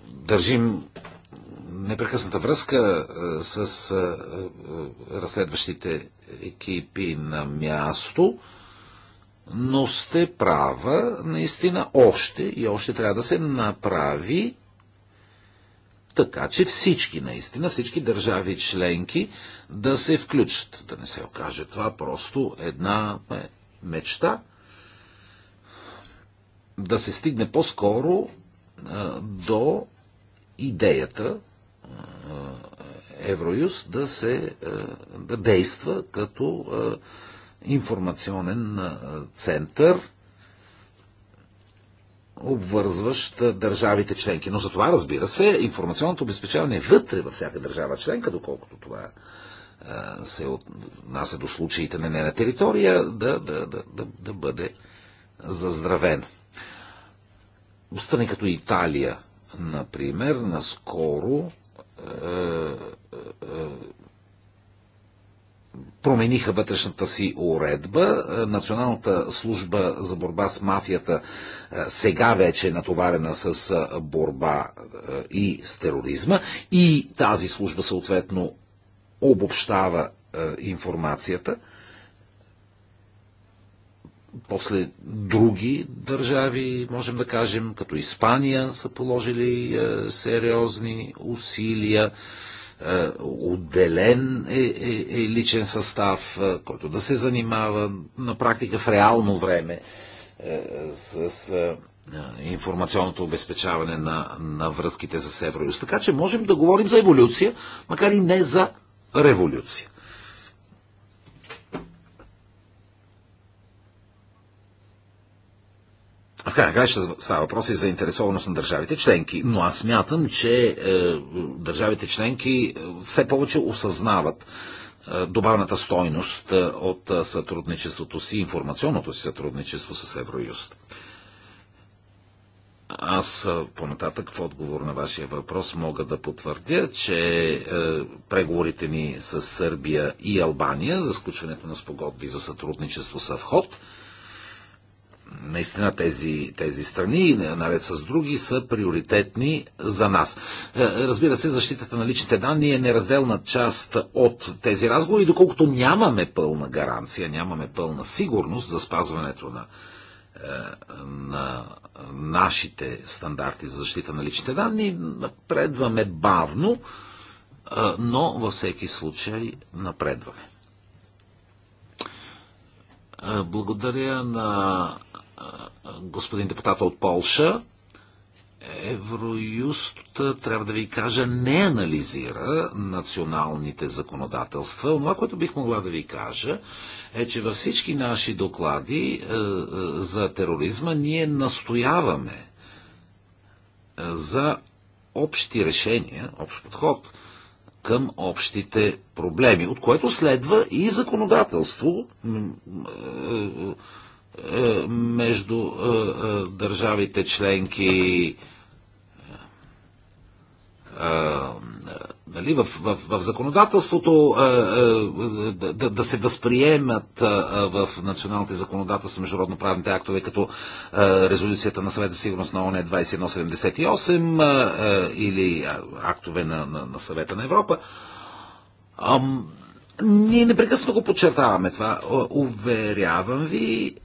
[SPEAKER 3] Държим непрекъсната връзка с разследващите екипи на място, но сте права, наистина още и още трябва да се направи така че всички, наистина, всички държави членки да се включат. Да не се окаже това просто една е, мечта. Да се стигне по-скоро е, до идеята е, Евроюз да се да действа като информационен център обвързващ държавите членки. Но за това, разбира се, информационното обезпечаване е вътре във всяка държава членка, доколкото това се отнася до случаите на нейна територия, да, да, да, да, да бъде заздравено. Страни като Италия, например, наскоро е, е, промениха вътрешната си уредба. Е, Националната служба за борба с мафията е, сега вече е натоварена с е, борба и с тероризма и тази служба съответно обобщава информацията. После други държави, можем да кажем, като Испания, са положили сериозни усилия. Е, отделен е, е, е личен състав, е, който да се занимава на практика в реално време е, с, с информационното обезпечаване на, на връзките с Евроюз. Така че можем да говорим за еволюция, макар и не за революция. в крайна края ще става въпрос и за интересованост на държавите членки. Но аз смятам, че е, държавите членки е, все повече осъзнават е, добавната стойност е, от е, сътрудничеството си, информационното си сътрудничество с Евроюст. Аз е, понататък в отговор на вашия въпрос мога да потвърдя, че е, преговорите ни с Сърбия и Албания за сключването на спогодби за сътрудничество са в ход – наистина тези, тези страни, наред с други, са приоритетни за нас. Е, разбира се, защитата на личните данни е неразделна част от тези разговори, доколкото нямаме пълна гаранция, нямаме пълна сигурност за спазването на, е, на нашите стандарти за защита на личните данни, напредваме бавно, е, но във всеки случай напредваме. Благодаря на господин депутата от Полша, Евроюст, трябва да ви кажа, не анализира националните законодателства. Това, което бих могла да ви кажа, е, че във всички наши доклади е, е за тероризма ние настояваме е, за общи решения, общ подход към общите проблеми, от което следва и законодателство, е, между е, е, държавите членки. Е, нали, в, в, в законодателството да, да се възприемат в националните законодателства международноправните актове, като резолюцията на съвета сигурност на ОНЕ 2178 или актове на, на, на съвета на Европа. Ние непрекъснато го подчертаваме това. Уверявам ви,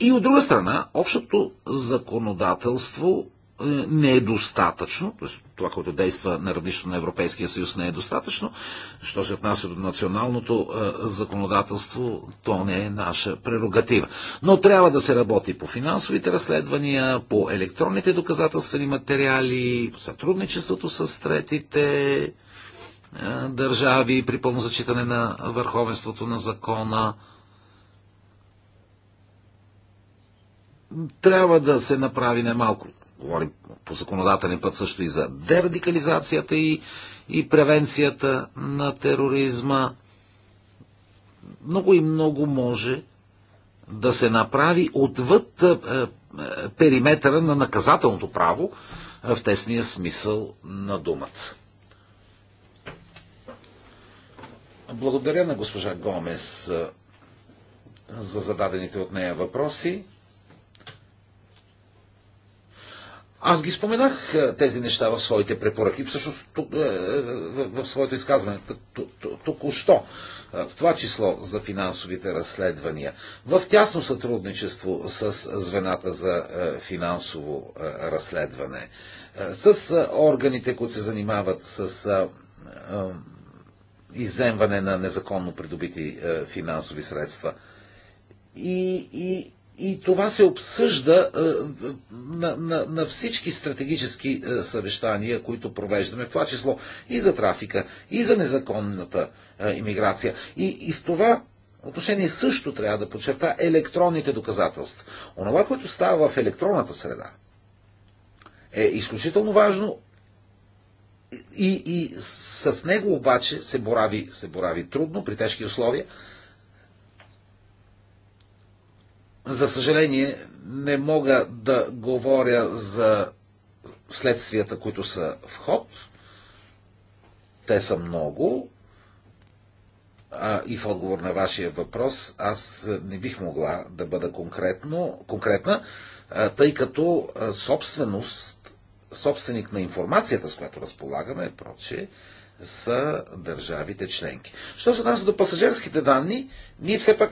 [SPEAKER 3] И от друга страна, общото законодателство е, не е достатъчно, т.е. това, което действа на равнището на Европейския съюз не е достатъчно. Що се отнася до националното е, законодателство, то не е наша прерогатива. Но трябва да се работи по финансовите разследвания, по електронните доказателствени материали, по сътрудничеството с третите е, държави при пълно зачитане на върховенството на закона. трябва да се направи немалко. Говорим по законодателен път също и за дерадикализацията и, и превенцията на тероризма. Много и много може да се направи отвъд е, е, периметъра на наказателното право е, в тесния смисъл на думата. Благодаря на госпожа Гомес е, за зададените от нея въпроси. Аз ги споменах е, тези неща в своите препоръки, всъщност тук, е, в своето изказване, току-що, е, в това число за финансовите разследвания, в тясно сътрудничество с звената за финансово разследване, с органите, които се занимават с иземване на незаконно придобити финансови средства. И, и, и това се обсъжда е, е, на, на, на всички стратегически е, съвещания, които провеждаме, в това число и за трафика, и за незаконната иммиграция. И, и в това отношение също трябва да подчерта електронните доказателства. Онова, което става в електронната среда, е изключително важно и, и с него обаче се борави, се борави трудно при тежки условия. За съжаление, не мога да говоря за следствията, които са в ход. Те са много. А, и в отговор на вашия въпрос, аз не бих могла да бъда конкретно, конкретна, а, тъй като а, собственост, собственик на информацията, с която разполагаме, проче, са държавите членки. Що се нас до пасажирските данни, ние все пак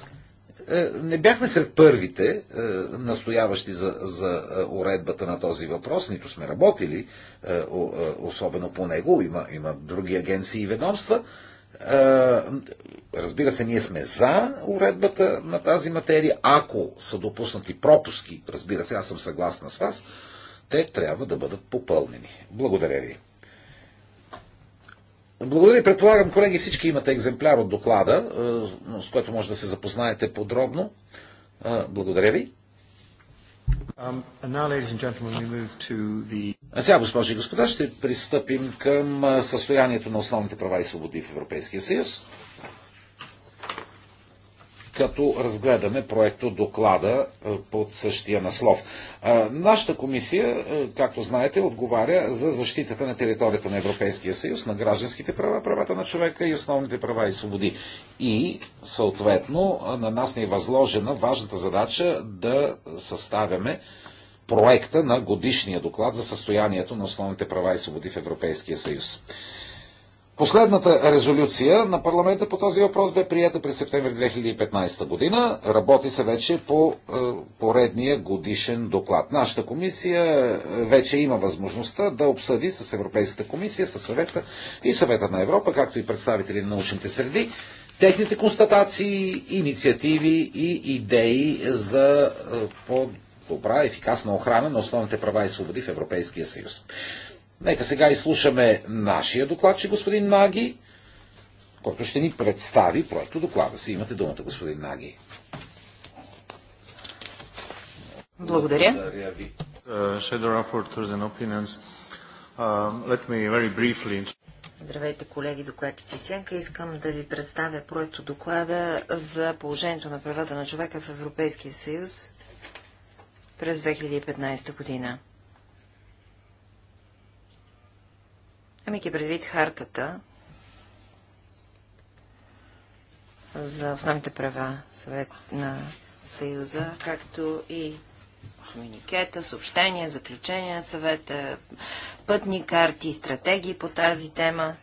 [SPEAKER 3] е, не бяхме сред първите, е, настояващи за, за е, уредбата на този въпрос, нито сме работили особено по него. Има, има други агенции и ведомства. Разбира се, ние сме за уредбата на тази материя. Ако са допуснати пропуски, разбира се, аз съм съгласна с вас, те трябва да бъдат попълнени. Благодаря ви. Благодаря. Предполагам, колеги, всички имате екземпляр от доклада, е, с който може да се запознаете подробно. Е, благодаря ви.
[SPEAKER 1] Um,
[SPEAKER 3] а сега, госпожи и господа, ще пристъпим към е, състоянието на основните права и свободи в Европейския съюз като разгледаме проекто доклада е, под същия наслов. Е, нашата комисия, е, както знаете, отговаря за защитата на територията на Европейския съюз, на гражданските права, правата на човека и основните права и свободи. И, съответно, на нас не е възложена важната задача да съставяме проекта на годишния доклад за състоянието на основните права и свободи в Европейския съюз. Последната резолюция на парламента по този въпрос бе прията през септември 2015 година. Работи се вече по е, поредния годишен доклад. Нашата комисия е, вече има възможността да обсъди с Европейската комисия, с съвета и съвета на Европа, както и представители на научните среди, техните констатации, инициативи и идеи за е, по-добра, ефикасна охрана на основните права и свободи в Европейския съюз. Нека сега изслушаме нашия докладчик, господин Наги, който ще ни представи проекто доклада си. Имате думата, господин Наги. Благодаря. Благодаря ви. Uh,
[SPEAKER 1] um,
[SPEAKER 2] Здравейте, колеги докладчици Сянка. Искам да ви представя проекто доклада за положението на правата на човека в Европейския съюз през 2015 година. Имайки предвид хартата за основните права на Съюза, както и комуникета, съобщения, заключения на съвета, пътни карти, стратегии по тази тема.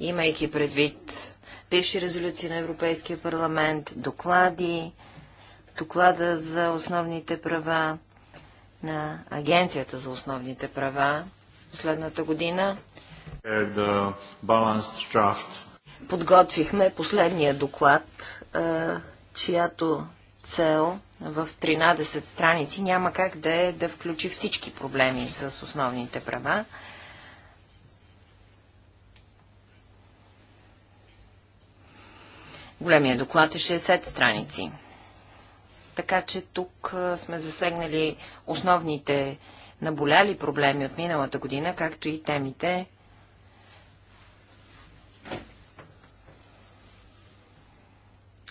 [SPEAKER 2] Имайки предвид бивши резолюции на Европейския парламент, доклади, доклада за основните права, на Агенцията за основните права последната година. Подготвихме последния доклад, чиято цел в 13 страници няма как да е да включи всички проблеми с основните права. Големия доклад е 60 страници. Така че тук сме засегнали основните наболяли проблеми от миналата година, както и темите,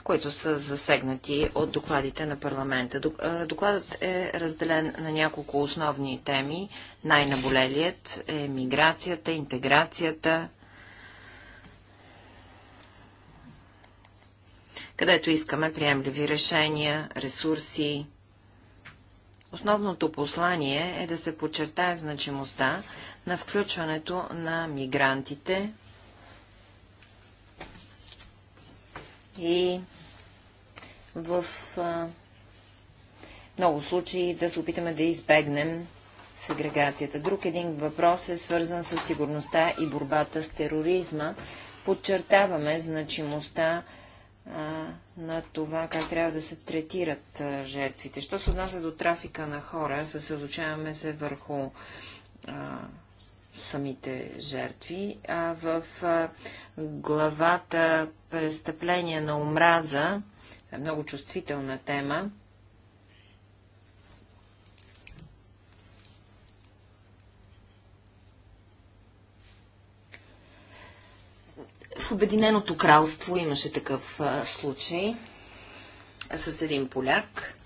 [SPEAKER 2] които са засегнати от докладите на парламента. Докладът е разделен на няколко основни теми. Най-наболелият е миграцията, интеграцията, където искаме приемливи решения, ресурси. Основното послание е да се подчертае значимостта на включването на мигрантите и в много случаи да се опитаме да избегнем сегрегацията. Друг един въпрос е свързан с сигурността и борбата с тероризма. Подчертаваме значимостта на това как трябва да се третират жертвите. Що се отнася до трафика на хора, съсредоточаваме се върху а, самите жертви, а в а, главата престъпление на омраза, е много чувствителна тема, В Обединеното кралство имаше такъв а, случай с един поляк.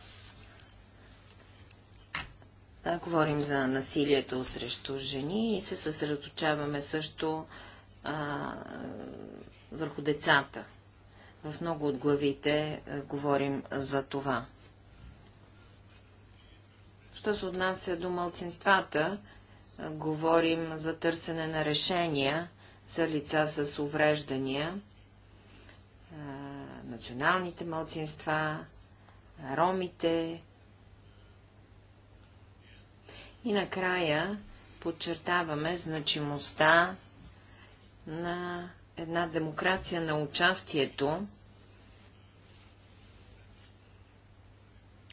[SPEAKER 2] А, говорим за насилието срещу жени и се съсредоточаваме също а, върху децата. В много от главите а, говорим за това. Що се отнася до мълцинствата, говорим за търсене на решения са лица с увреждания, националните мълцинства, ромите. И накрая подчертаваме значимостта на една демокрация на участието,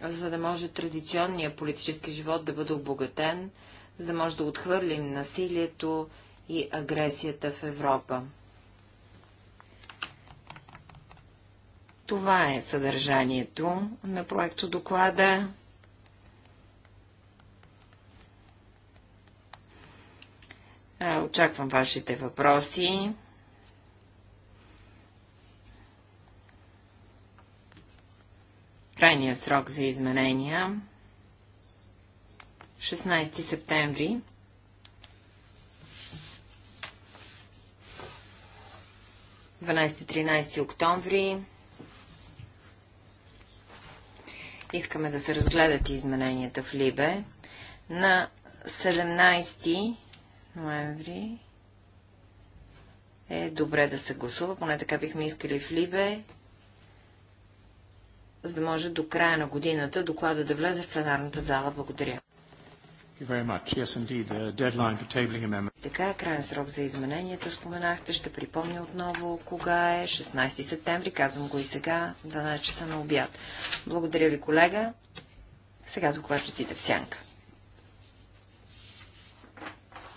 [SPEAKER 2] за да може традиционният политически живот да бъде обогатен, за да може да отхвърлим насилието, и агресията в Европа. Това е съдържанието на проекто доклада. Очаквам вашите въпроси. Крайният срок за изменения 16 септември 12-13 октомври. Искаме да се разгледат измененията в Либе. На 17 ноември е добре да се гласува, поне така бихме искали в Либе, за да може до края на годината доклада да влезе в пленарната зала. Благодаря.
[SPEAKER 1] Yes,
[SPEAKER 2] така, крайен срок за измененията споменахте. Ще припомня отново кога е. 16 септември, казвам го и сега, 12 часа на обяд. Благодаря ви, колега. Сега докладчиците в сянка.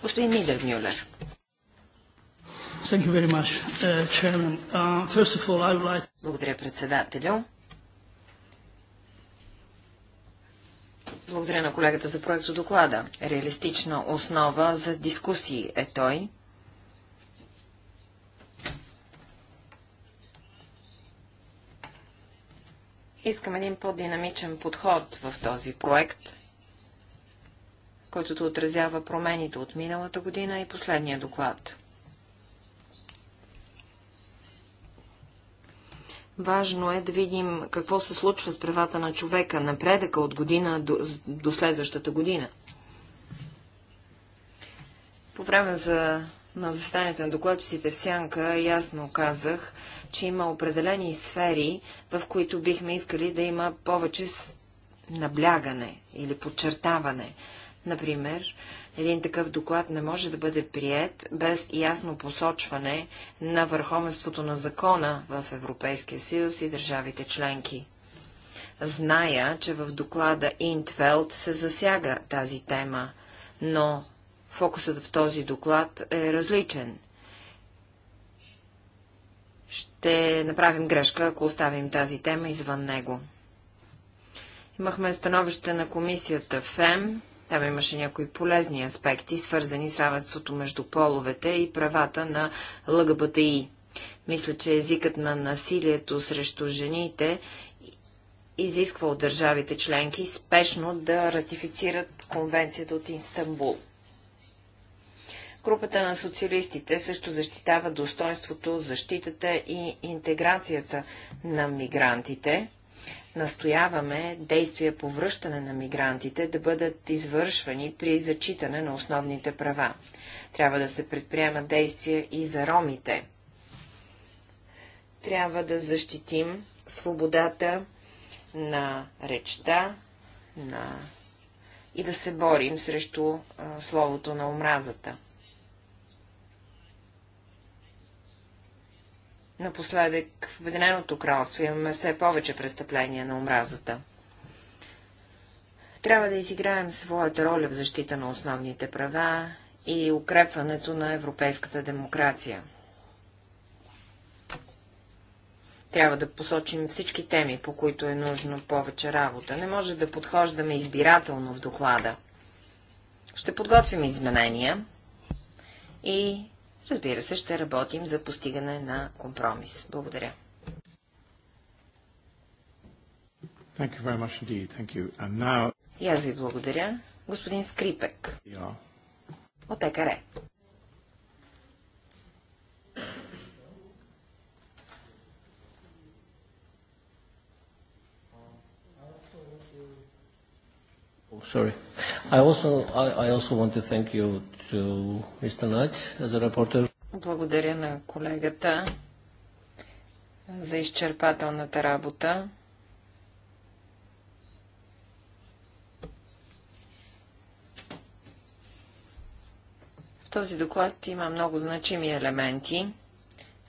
[SPEAKER 2] Господин Нидер Мюлер. Uh, uh, Благодаря, председателю.
[SPEAKER 1] Благодаря на колегата
[SPEAKER 2] за проекто доклада. Реалистична основа за дискусии е той. Искам един по-динамичен подход в този проект, който отразява промените от миналата година и последния доклад. Важно е да видим какво се случва с правата на човека, напредъка от година до, до следващата година. По време за, на застанието на докладчиците в Сянка ясно казах, че има определени сфери, в които бихме искали да има повече наблягане или подчертаване. Например, един такъв доклад не може да бъде прият без ясно посочване на върховенството на закона в Европейския съюз и държавите членки. Зная, че в доклада Интфелд се засяга тази тема, но фокусът в този доклад е различен. Ще направим грешка, ако оставим тази тема извън него. Имахме становище на комисията ФЕМ, там имаше някои полезни аспекти, свързани с равенството между половете и правата на ЛГБТИ. Мисля, че езикът на насилието срещу жените изисква от държавите членки спешно да ратифицират конвенцията от Инстанбул. Групата на социалистите също защитава достоинството, защитата и интеграцията на мигрантите Настояваме действия по връщане на мигрантите да бъдат извършвани при зачитане на основните права. Трябва да се предприемат действия и за ромите. Трябва да защитим свободата на речта, на... и да се борим срещу а, словото на омразата. Напоследък в Обединеното кралство имаме все повече престъпления на омразата. Трябва да изиграем своята роля в защита на основните права и укрепването на европейската демокрация. Трябва да посочим всички теми, по които е нужно повече работа. Не може да подхождаме избирателно в доклада. Ще подготвим изменения и Разбира се, ще работим за постигане на компромис. Благодаря.
[SPEAKER 1] Thank you very much indeed. Thank you. And now...
[SPEAKER 2] И аз ви благодаря. Господин Скрипек. Yeah. От ЕКАРЕ.
[SPEAKER 3] Oh, sorry. I also, I, I also want to thank you
[SPEAKER 2] благодаря на колегата за изчерпателната работа. В този доклад има много значими елементи.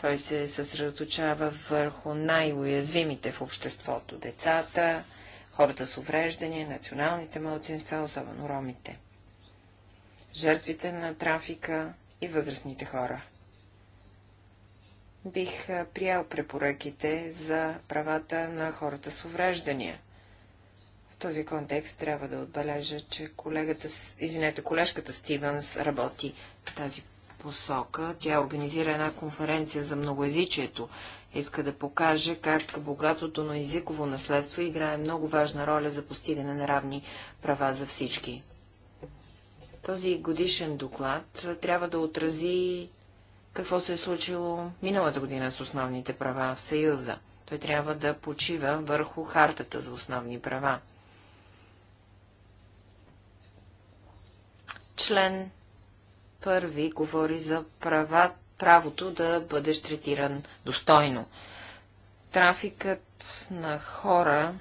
[SPEAKER 2] Той се съсредоточава върху най-уязвимите в обществото – децата, хората с увреждания, националните малцинства, особено ромите – жертвите на трафика и възрастните хора. Бих приел препоръките за правата на хората с увреждания. В този контекст трябва да отбележа, че колегата, извинете, колежката Стивенс работи в тази посока. Тя организира една конференция за многоязичието. Иска да покаже как богатото на езиково наследство играе много важна роля за постигане на равни права за всички. Този годишен доклад трябва да отрази какво се е случило миналата година с основните права в Съюза. Той трябва да почива върху хартата за основни права. Член първи говори за права, правото да бъдеш третиран достойно. Трафикът на хора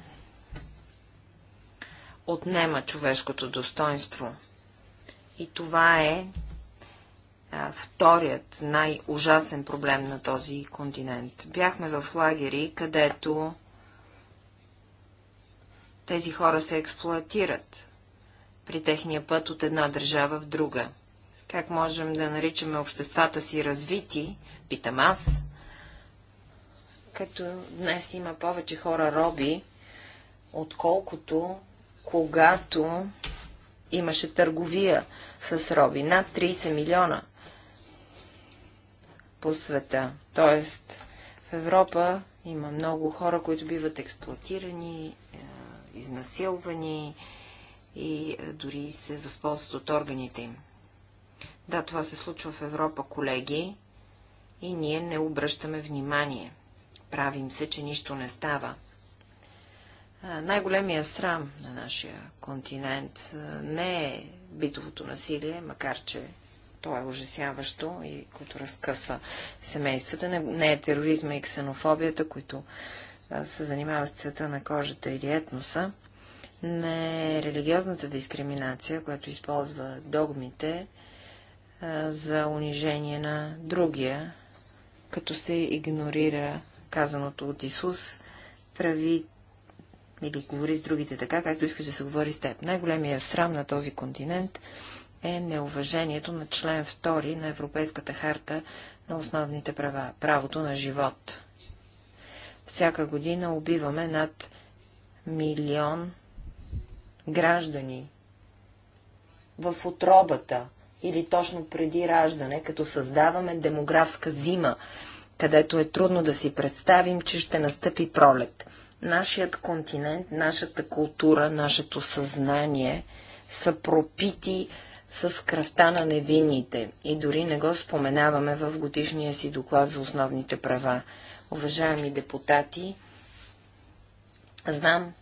[SPEAKER 2] отнема човешкото достоинство. И това е а, вторият най-ужасен проблем на този континент. Бяхме в лагери, където тези хора се експлоатират при техния път от една държава в друга. Как можем да наричаме обществата си развити, питам аз, като днес има повече хора роби, отколкото когато имаше търговия с роби. Над 30 милиона по света. Тоест, в Европа има много хора, които биват експлуатирани, е, изнасилвани и е, дори се възползват от органите им. Да, това се случва в Европа, колеги, и ние не обръщаме внимание. Правим се, че нищо не става. Най-големия срам на нашия континент е, не е битовото насилие, макар че то е ужасяващо и което разкъсва семействата. Не, не е тероризма и ксенофобията, които а, се занимават с цвета на кожата или етноса. Не е религиозната дискриминация, която използва догмите а, за унижение на другия, като се игнорира казаното от Исус, прави или говори с другите така, както искаш да се говори с теб. Най-големия срам на този континент е неуважението на член 2 на Европейската харта на основните права – правото на живот. Всяка година убиваме над милион граждани в отробата или точно преди раждане, като създаваме демографска зима, където е трудно да си представим, че ще настъпи пролет. Нашият континент, нашата култура, нашето съзнание са пропити с кръвта на невинните и дори не го споменаваме в годишния си доклад за основните права. Уважаеми депутати, знам,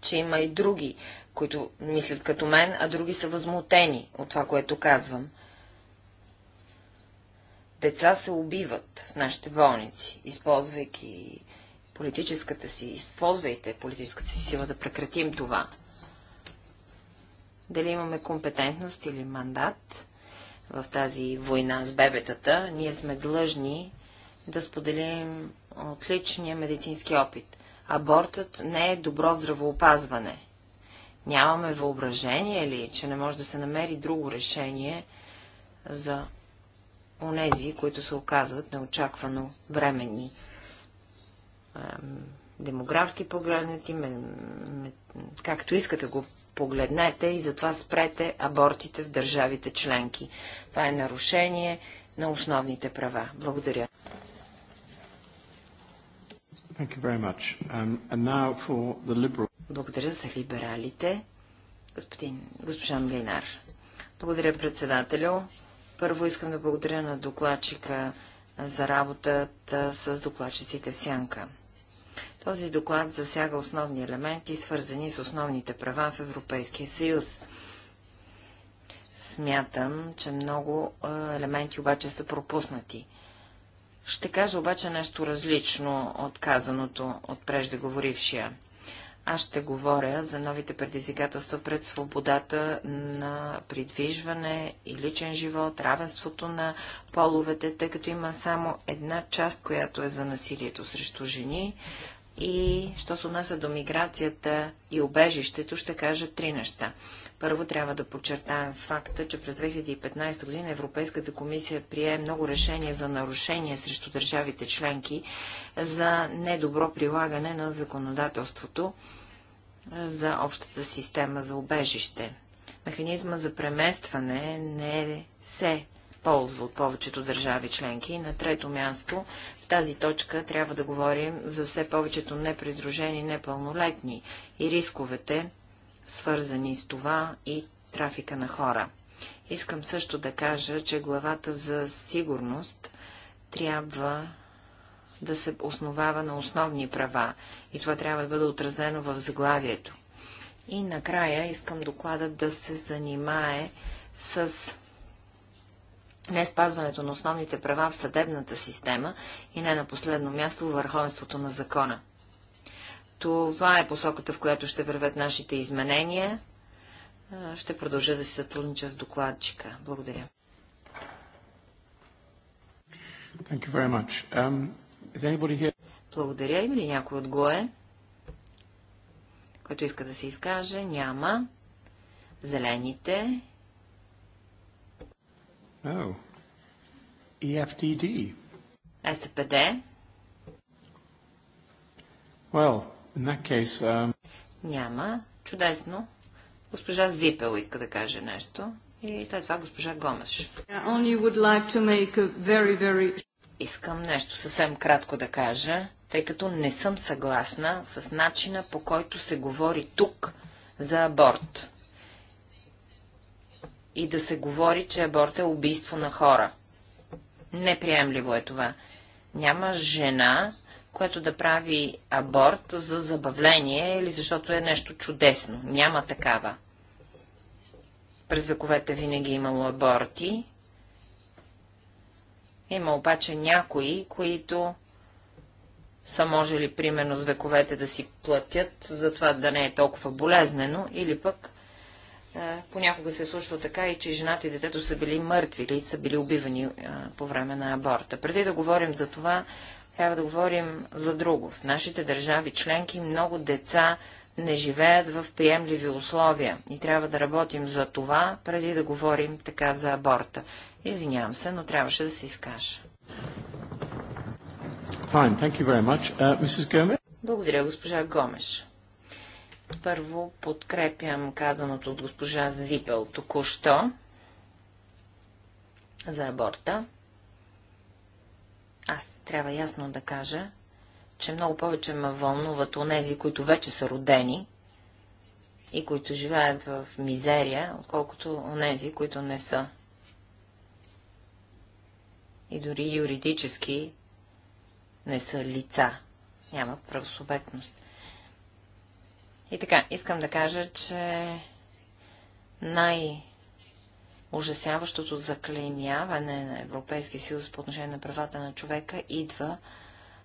[SPEAKER 2] че има и други, които мислят като мен, а други са възмутени от това, което казвам. Деца се убиват в нашите болници, използвайки политическата си, използвайте политическата си сила да прекратим това. Дали имаме компетентност или мандат в тази война с бебетата, ние сме длъжни да споделим отличния медицински опит. Абортът не е добро здравоопазване. Нямаме въображение ли, че не може да се намери друго решение за онези, които се оказват неочаквано времени демографски погледнати, както искате го погледнете и затова спрете абортите в държавите членки. Това е нарушение на основните права. Благодаря.
[SPEAKER 1] Um, liberal...
[SPEAKER 2] Благодаря за либералите. Господин, госпожа Млинар. Благодаря, председателю. Първо искам да благодаря на докладчика за работата с докладчиците в Сянка. Този доклад засяга основни елементи, свързани с основните права в Европейския съюз. Смятам, че много елементи обаче са пропуснати. Ще кажа обаче нещо различно от казаното от преждеговорившия. Аз ще говоря за новите предизвикателства пред свободата на придвижване и личен живот, равенството на половете, тъй като има само една част, която е за насилието срещу жени, и, що се отнася до миграцията и обежището, ще кажа три неща. Първо трябва да подчертаем факта, че през 2015 година Европейската комисия прие много решения за нарушения срещу държавите членки за недобро прилагане на законодателството за общата система за обежище. Механизма за преместване не се полза от повечето държави членки. На трето място, в тази точка трябва да говорим за все повечето непридружени непълнолетни и рисковете, свързани с това и трафика на хора. Искам също да кажа, че главата за сигурност трябва да се основава на основни права и това трябва да бъде отразено в заглавието. И накрая искам докладът да се занимае с не спазването на основните права в съдебната система и не на последно място върховенството на закона. Това е посоката, в която ще вървят нашите изменения. Ще продължа да си сътруднича с докладчика. Благодаря.
[SPEAKER 1] Um,
[SPEAKER 2] Благодаря. Има ли някой от ГОЕ, който иска да се изкаже? Няма. Зелените
[SPEAKER 1] Oh. EFDD.
[SPEAKER 2] SPD. Е
[SPEAKER 1] well, in that case, um...
[SPEAKER 2] Няма. Чудесно. Госпожа Зипел иска да каже нещо. И след това госпожа Гомеш.
[SPEAKER 1] Like very,
[SPEAKER 2] very... Искам нещо съвсем кратко да кажа, тъй като не съм съгласна с начина по който се говори тук за аборт и да се говори, че аборт е убийство на хора. Неприемливо е това. Няма жена, която да прави аборт за забавление или защото е нещо чудесно. Няма такава. През вековете винаги е имало аборти. Има обаче някои, които са можели, примерно, с вековете да си платят, за това да не е толкова болезнено, или пък понякога се е случва така и че жената и детето са били мъртви или са били убивани по време на аборта. Преди да говорим за това, трябва да говорим за друго. В нашите държави членки много деца не живеят в приемливи условия и трябва да работим за това, преди да говорим така за аборта. Извинявам се, но трябваше да се изкажа.
[SPEAKER 1] Uh,
[SPEAKER 2] Благодаря, госпожа Гомеш. Първо подкрепям казаното от госпожа Зипел току-що за аборта. Аз трябва ясно да кажа, че много повече ме вълнуват онези, които вече са родени и които живеят в мизерия, отколкото онези, които не са. И дори юридически не са лица. Няма правосубектност. И така, искам да кажа, че най- ужасяващото заклеймяване на Европейския съюз по отношение на правата на човека идва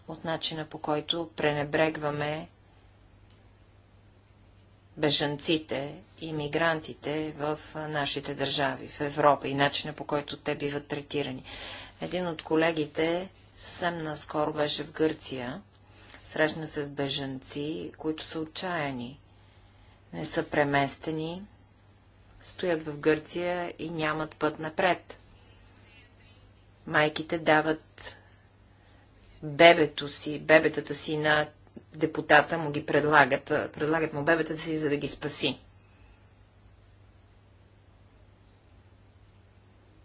[SPEAKER 2] от начина по който пренебрегваме бежанците и мигрантите в нашите държави, в Европа и начина по който те биват третирани. Един от колегите съвсем наскоро беше в Гърция срещна се с бежанци, които са отчаяни. Не са преместени, стоят в Гърция и нямат път напред. Майките дават бебето си, бебетата си на депутата му ги предлагат, предлагат му бебетата си, за да ги спаси.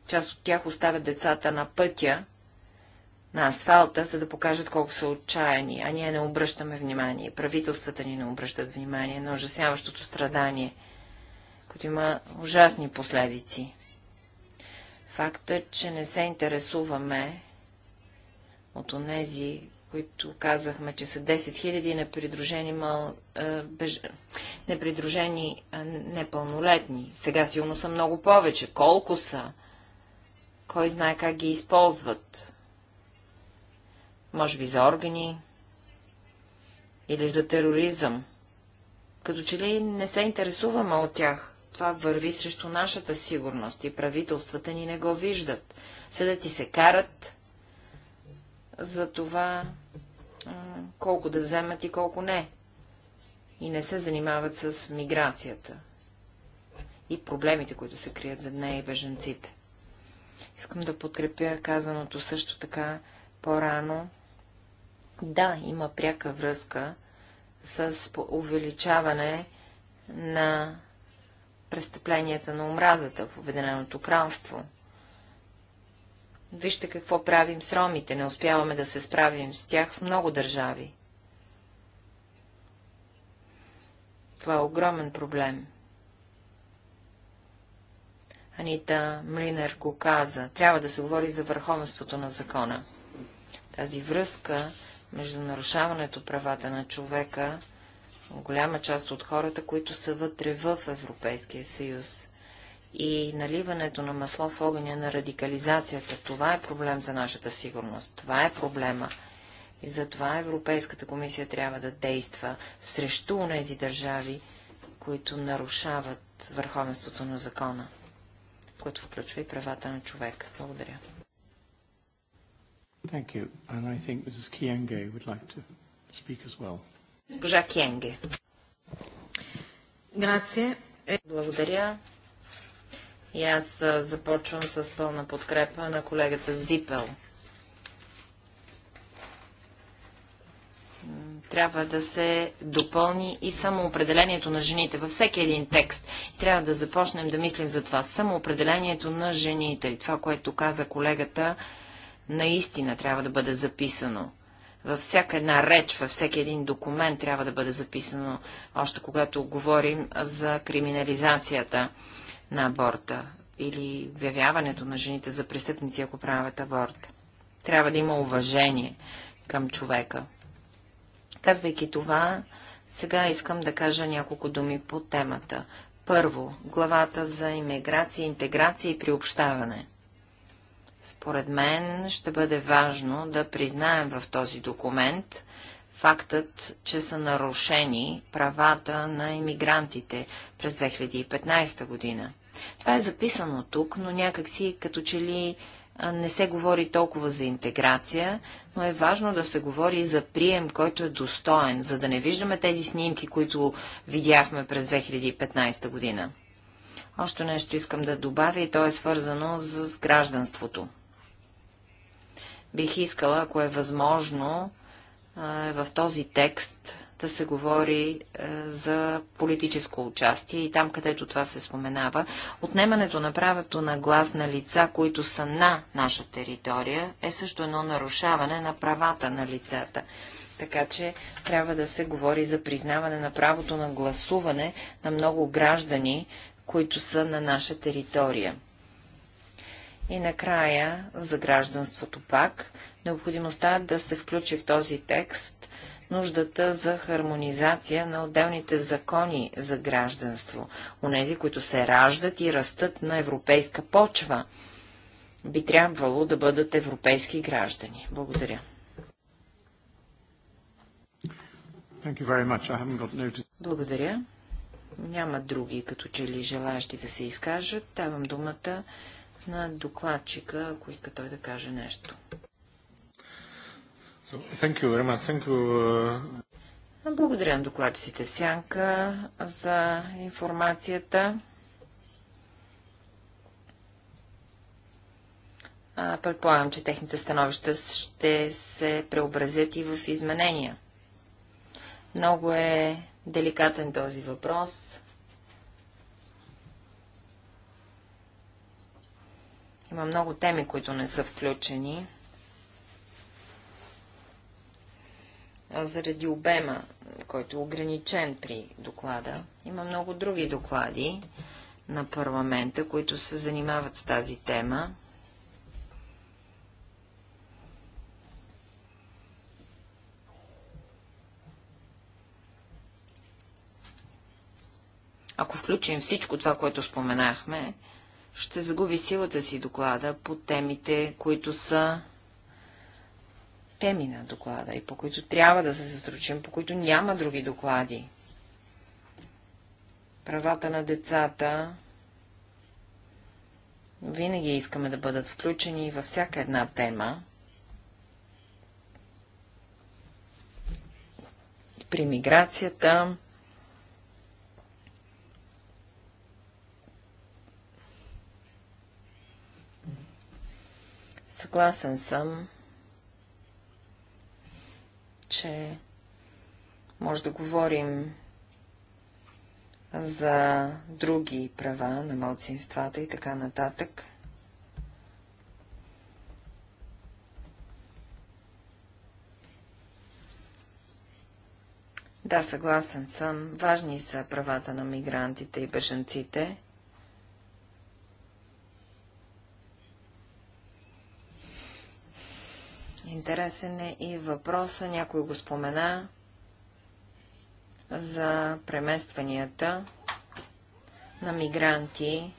[SPEAKER 2] Част от тях оставят децата на пътя на асфалта, за да покажат колко са отчаяни, а ние не обръщаме внимание. Правителствата ни не обръщат внимание на ужасяващото страдание, което има ужасни последици. Факта, че не се интересуваме от онези, които казахме, че са 10 000 непридружени, мал, беж... непридружени непълнолетни. Сега сигурно са много повече. Колко са? Кой знае как ги използват? може би за органи или за тероризъм. Като че ли не се интересуваме от тях, това върви срещу нашата сигурност и правителствата ни не го виждат. Седят и се карат за това колко да вземат и колко не. И не се занимават с миграцията и проблемите, които се крият за нея и беженците. Искам да подкрепя казаното също така по-рано да, има пряка връзка с увеличаване на престъпленията на омразата в Обединеното кралство. Вижте какво правим с ромите, не успяваме да се справим с тях в много държави. Това е огромен проблем. Анита Млинер го каза. Трябва да се говори за върховенството на закона. Тази връзка между нарушаването правата на човека голяма част от хората, които са вътре в Европейския съюз. И наливането на масло в огъня на радикализацията, това е проблем за нашата сигурност, това е проблема. И затова Европейската комисия трябва да действа срещу тези държави, които нарушават върховенството на закона, което включва и правата на човека. Благодаря.
[SPEAKER 1] Thank you. And I think Mrs. Kienge would like to speak as well. Госпожа Кенге.
[SPEAKER 2] Грация. Благодаря. И аз започвам с пълна подкрепа на колегата Зипел. Трябва да се допълни и самоопределението на жените във всеки един текст. Трябва да започнем да мислим за това. Самоопределението на жените и това, което каза колегата, наистина трябва да бъде записано. Във всяка една реч, във всеки един документ трябва да бъде записано, още когато говорим за криминализацията на аборта или вявяването на жените за престъпници, ако правят аборт. Трябва да има уважение към човека. Казвайки това, сега искам да кажа няколко думи по темата. Първо, главата за иммиграция, интеграция и приобщаване. Според мен ще бъде важно да признаем в този документ фактът, че са нарушени правата на иммигрантите през 2015 година. Това е записано тук, но някакси като че ли не се говори толкова за интеграция, но е важно да се говори за прием, който е достоен, за да не виждаме тези снимки, които видяхме през 2015 година. Още нещо искам да добавя и то е свързано с гражданството. Бих искала, ако е възможно, е в този текст да се говори е, за политическо участие и там, където това се споменава. Отнемането на правото на глас на лица, които са на наша територия, е също едно нарушаване на правата на лицата. Така че трябва да се говори за признаване на правото на гласуване на много граждани, които са на наша територия. И накрая, за гражданството пак, необходимостта да се включи в този текст нуждата за хармонизация на отделните закони за гражданство, онези, които се раждат и растат на европейска почва, би трябвало да бъдат европейски граждани. Благодаря. Благодаря. Няма други, като че ли желащи да се изкажат. Давам думата на докладчика, ако иска той да каже нещо. So,
[SPEAKER 3] thank you very much. Thank you,
[SPEAKER 2] uh... Благодаря на докладчиците в Сянка за информацията. Предполагам, че техните становища ще се преобразят и в изменения. Много е деликатен този въпрос. Има много теми, които не са включени. Заради обема, който е ограничен при доклада, има много други доклади на парламента, които се занимават с тази тема. Ако включим всичко това, което споменахме, ще загуби силата си доклада по темите, които са теми на доклада и по които трябва да се застрочим, по които няма други доклади. Правата на децата винаги искаме да бъдат включени във всяка една тема. При миграцията, Съгласен съм, че може да говорим за други права на малцинствата и така нататък. Да, съгласен съм. Важни са правата на мигрантите и бежанците, Интересен е и въпроса, някой го спомена, за преместванията на мигранти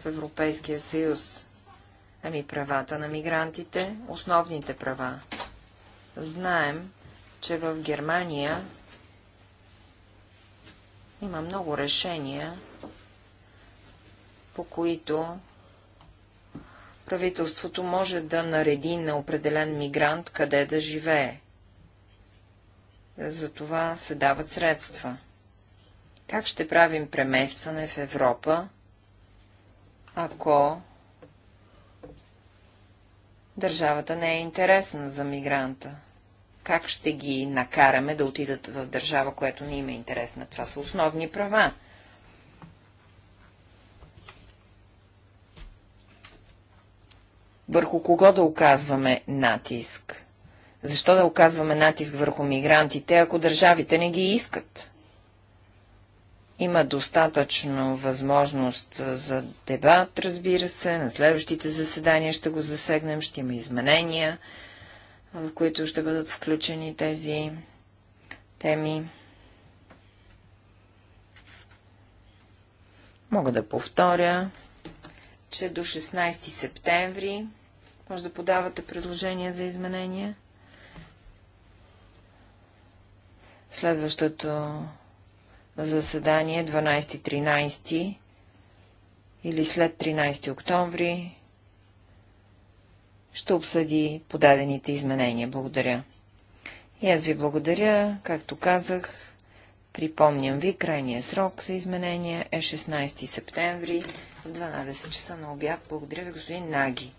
[SPEAKER 2] в Европейския съюз. Ами правата на мигрантите, основните права. Знаем, че в Германия има много решения, по които правителството може да нареди на определен мигрант къде да живее. За това се дават средства. Как ще правим преместване в Европа, ако държавата не е интересна за мигранта? Как ще ги накараме да отидат в държава, която не им е интересна? Това са основни права. върху кого да оказваме натиск? Защо да оказваме натиск върху мигрантите, ако държавите не ги искат? Има достатъчно възможност за дебат, разбира се. На следващите заседания ще го засегнем, ще има изменения, в които ще бъдат включени тези теми.
[SPEAKER 1] Мога да повторя,
[SPEAKER 2] че до 16 септември може да подавате предложения за изменения. Следващото заседание 12-13 или след 13 октомври ще обсъди подадените изменения. Благодаря. И аз ви благодаря, както казах, припомням ви, крайния срок за изменения е 16 септември в 12 часа на обяд. Благодаря ви, господин Наги.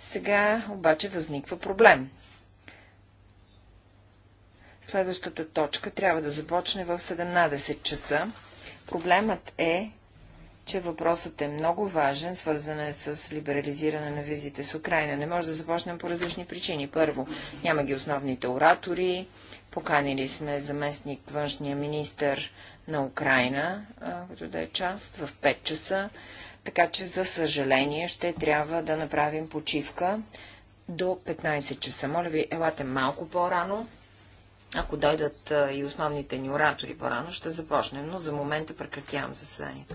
[SPEAKER 2] Сега обаче възниква проблем. Следващата точка трябва да започне в 17 часа. Проблемът е, че въпросът е много важен, свързан е с либерализиране на визите с Украина. Не може да започнем по различни причини. Първо, няма ги основните оратори. Поканили сме заместник външния министр на Украина, който да е част в 5 часа. Така че, за съжаление, ще трябва да направим почивка до 15 часа. Моля ви, елате малко по-рано. Ако дойдат и основните ни оратори по-рано, ще започнем, но за момента прекратявам заседанието.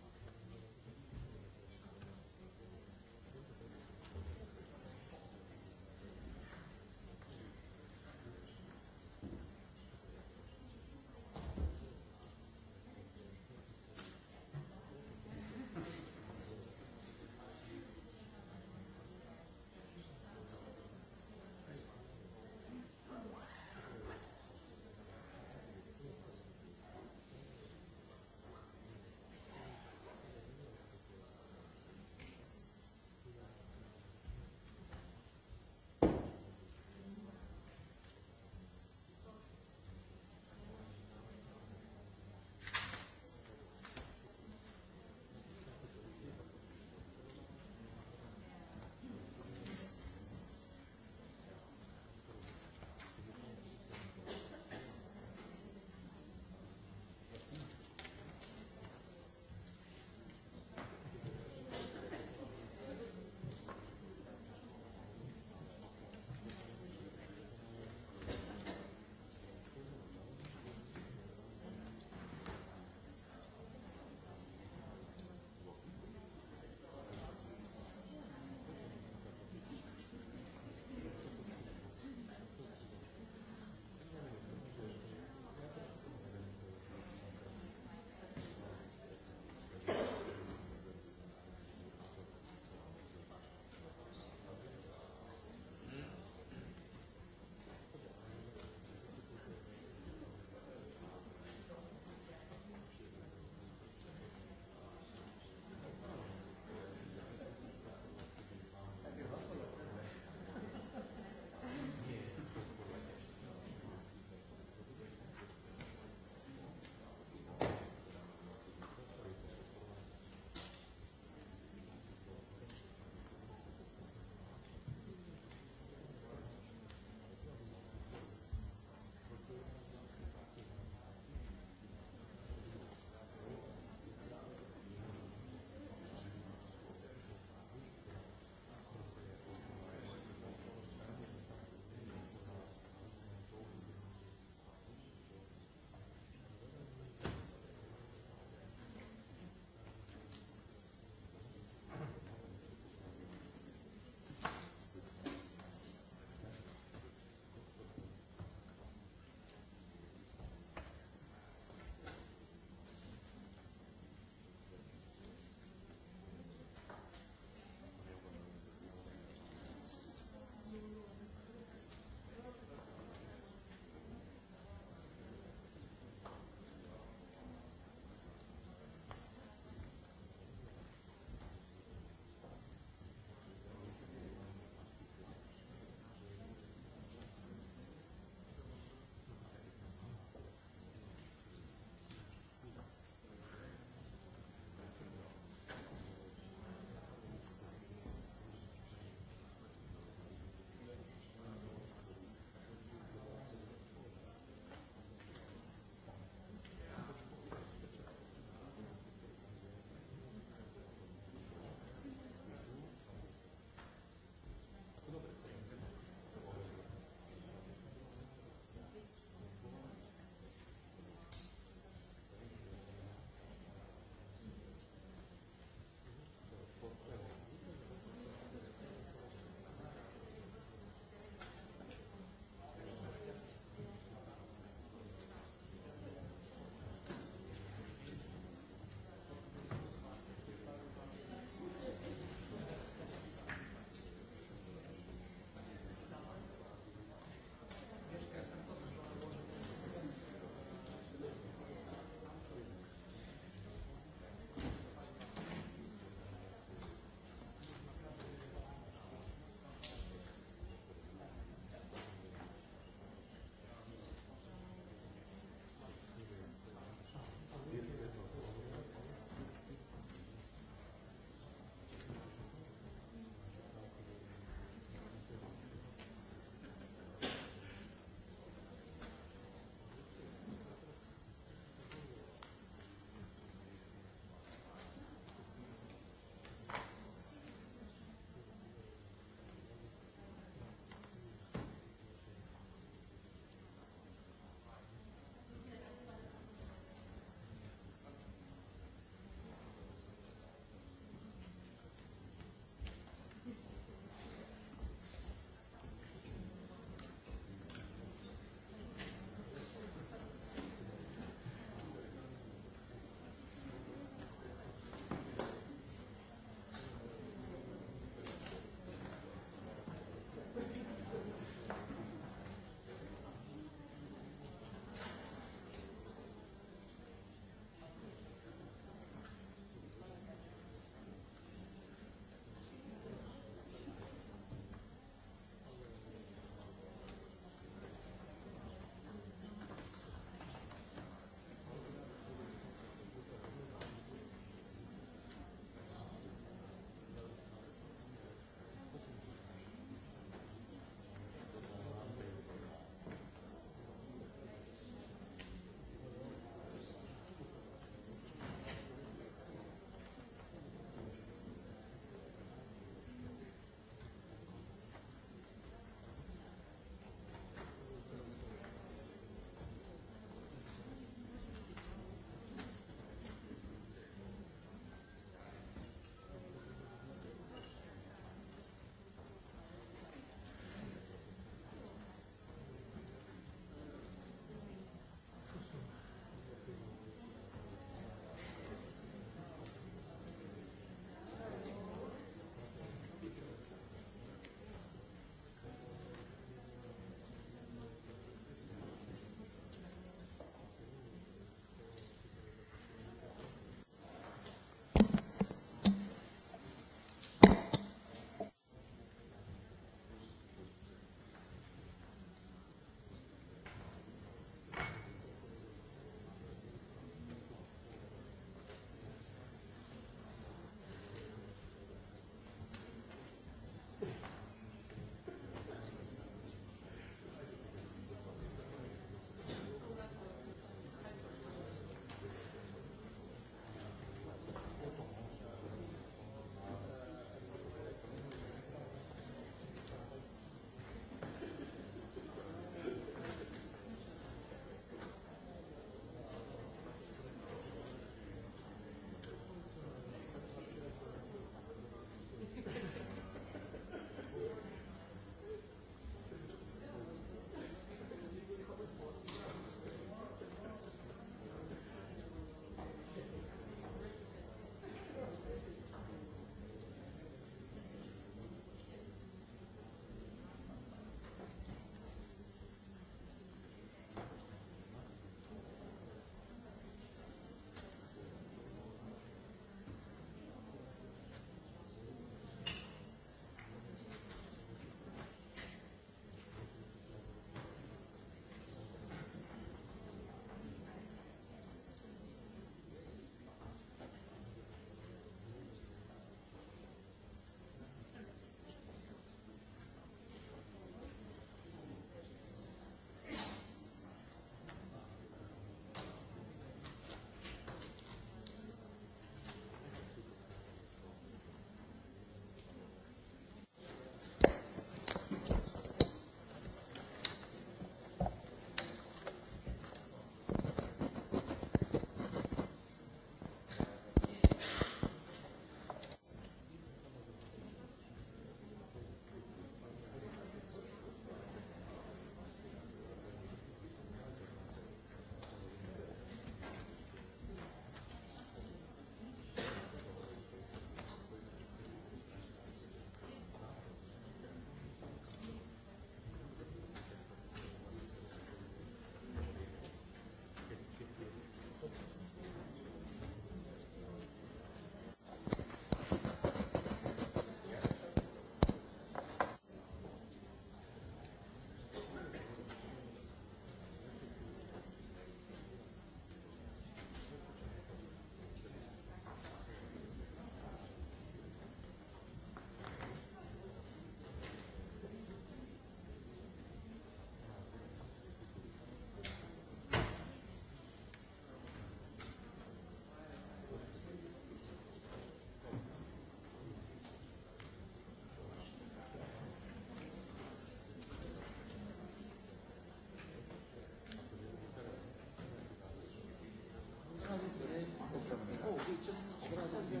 [SPEAKER 3] zrazu,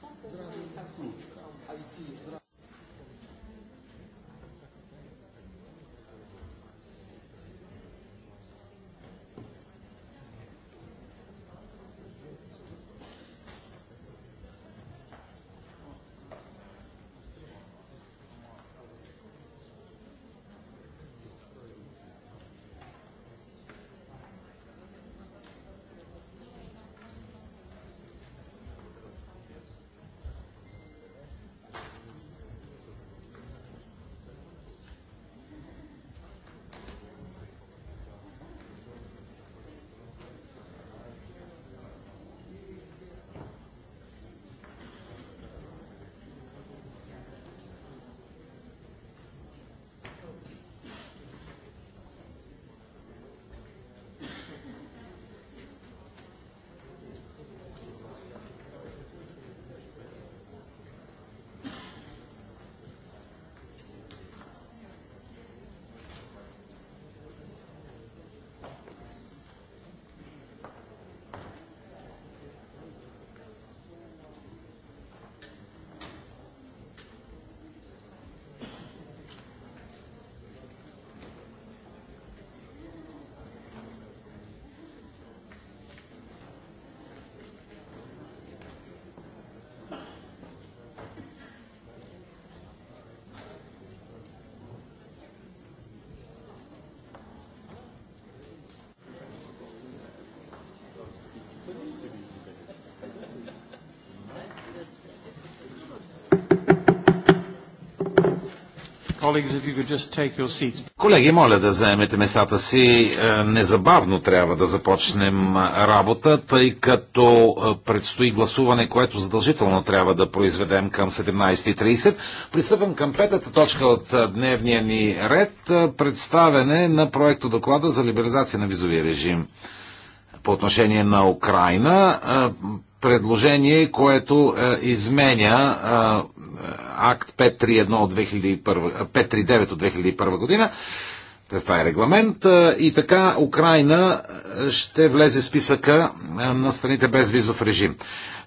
[SPEAKER 3] zrazu kluczka. IT Колеги, моля да заемете местата си. Е, незабавно трябва да започнем е, работа, тъй като е, предстои гласуване, което задължително трябва да произведем към 17.30. Пристъпвам към петата точка от дневния ни ред. Представяне на проекто доклада за либерализация на визовия режим по отношение на Украина. Предложение, което изменя акт 531 от 2001, 539 от 2001 година. Това е регламент. И така Украина ще влезе в списъка на страните без визов режим.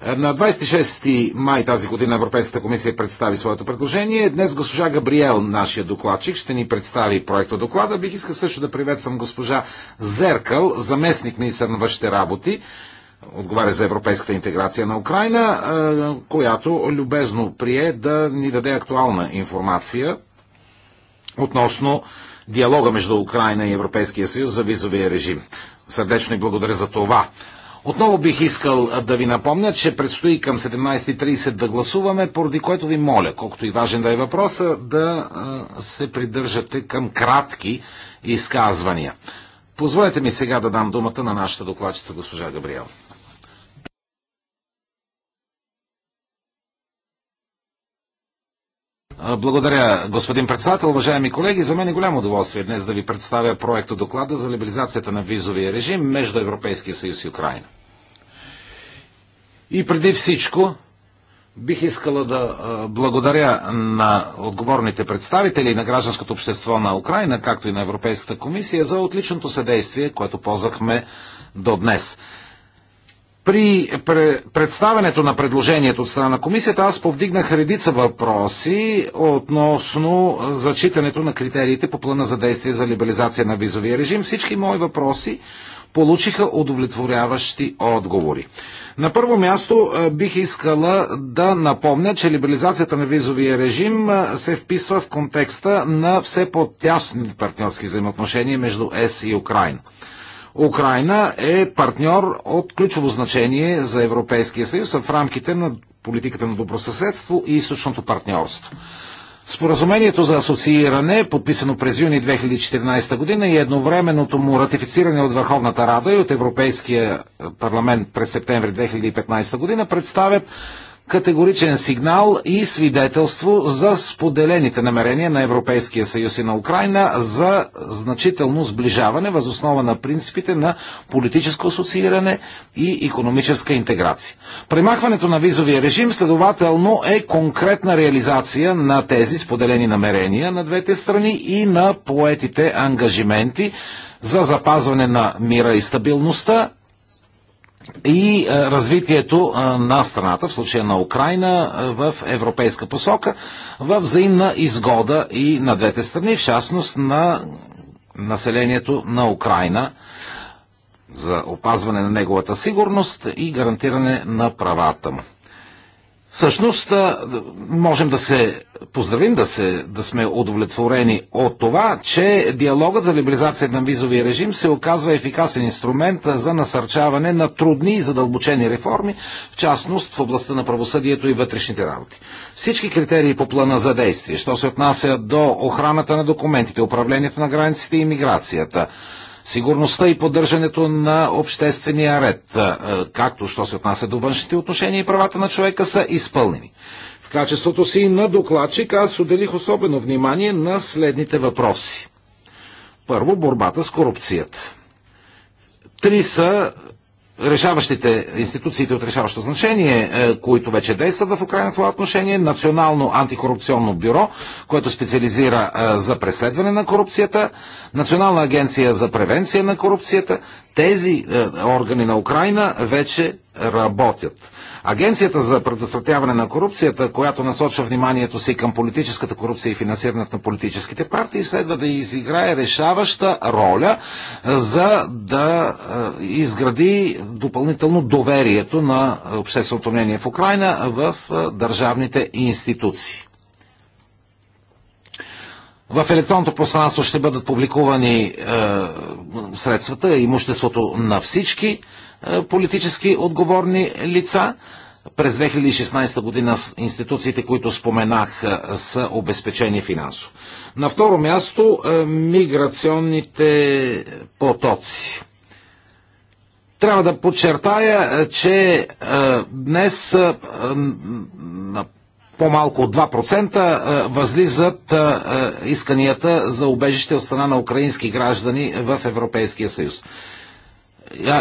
[SPEAKER 3] На 26 май тази година Европейската комисия представи своето предложение. Днес госпожа Габриел, нашия докладчик, ще ни представи проекта доклада. Бих искал също да приветствам госпожа Зеркал, заместник министър на външните работи, отговаря за европейската интеграция на Украина, която любезно прие да ни даде актуална информация относно диалога между Украина и Европейския съюз за визовия режим. Сърдечно и благодаря за това. Отново бих искал да ви напомня, че предстои към 17.30 да гласуваме, поради което ви моля, колкото и важен да е въпроса, да се придържате към кратки изказвания. Позволете ми сега да дам думата на нашата докладчица госпожа Габриел. Благодаря, господин председател. Уважаеми колеги, за мен е голямо удоволствие днес да ви представя проекта доклада за либерализацията на визовия режим между Европейския съюз и Украина. И преди всичко, бих искала да благодаря на отговорните представители на гражданското общество на Украина, както и на Европейската комисия, за отличното съдействие, което ползвахме до днес. При представенето на предложението от страна на комисията аз повдигнах редица въпроси относно зачитането на критериите по плана за действие за либерализация на визовия режим. Всички мои въпроси получиха удовлетворяващи отговори. На първо място е, бих искала да напомня, че либерализацията на визовия режим е, се вписва в контекста на все по-тясни партньорски взаимоотношения между ЕС и Украина. Украина е партньор от ключово значение за Европейския съюз в рамките на политиката на добросъседство и източното партньорство. Споразумението за асоцииране, подписано през юни 2014 година и едновременното му ратифициране от Върховната Рада и от Европейския е, парламент през септември 2015 година представят категоричен сигнал и свидетелство за споделените намерения на Европейския съюз и на Украина за значително сближаване възоснова на принципите на политическо асоцииране и економическа интеграция. Премахването на визовия режим следователно е конкретна реализация на тези споделени намерения на двете страни и на поетите ангажименти за запазване на мира и стабилността и е, развитието е, на страната, в случая на Украина, е, в европейска посока, в взаимна изгода и на двете страни, в частност на населението на Украина за опазване на неговата сигурност и гарантиране на правата му. Всъщност, можем да се поздравим, да, се, да сме удовлетворени от това, че диалогът за либерализация на визовия режим се оказва ефикасен инструмент за насърчаване на трудни и задълбочени реформи, в частност в областта на правосъдието и вътрешните работи. Всички критерии по плана за действие, що се отнася до охраната на документите, управлението на границите и миграцията, сигурността и поддържането на обществения ред, както що се отнася до външните отношения и правата на човека са изпълнени. В качеството си на докладчик аз отделих особено внимание на следните въпроси. Първо, борбата с корупцията. Три са решаващите институциите от решаващо значение, е, които вече действат в Украина в това отношение, Национално антикорупционно бюро, което специализира е, за преследване на корупцията, Национална агенция за превенция на корупцията, тези е, органи на Украина вече работят. Агенцията за предотвратяване на корупцията, която насочва вниманието си към политическата корупция и финансирането на политическите партии, следва да изиграе решаваща роля е, за да е, изгради допълнително доверието на общественото мнение в Украина в е, държавните институции. В електронното пространство ще бъдат публикувани е, средствата, имуществото на всички е, политически отговорни лица. През 2016 година институциите, които споменах, е, са обезпечени финансово. На второ място е, миграционните потоци. Трябва да подчертая, е, че е, днес е, на по-малко от 2% възлизат исканията за убежище от страна на украински граждани в Европейския съюз.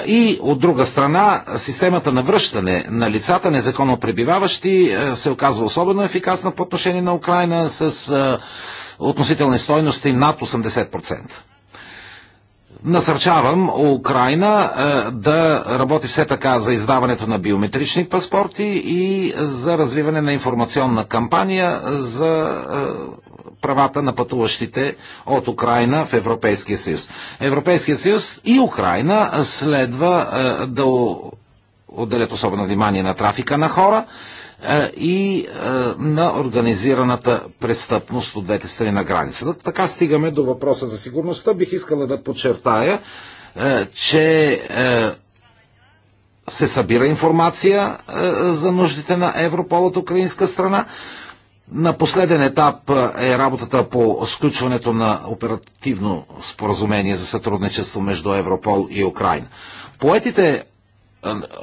[SPEAKER 3] И от друга страна, системата на връщане на лицата незаконно пребиваващи се оказва особено ефикасна по отношение на Украина с относителни стойности над 80%. Насърчавам Украина е, да работи все така за издаването на биометрични паспорти и за развиване на информационна кампания за е, правата на пътуващите от Украина в Европейския съюз. Европейския съюз и Украина следва е, да отделят особено внимание на трафика на хора и на организираната престъпност от двете страни на границата. Така стигаме до въпроса за сигурността. Бих искала да подчертая, че се събира информация за нуждите на Европол от украинска страна. На последен етап е работата по сключването на оперативно споразумение за сътрудничество между Европол и Украина. Поетите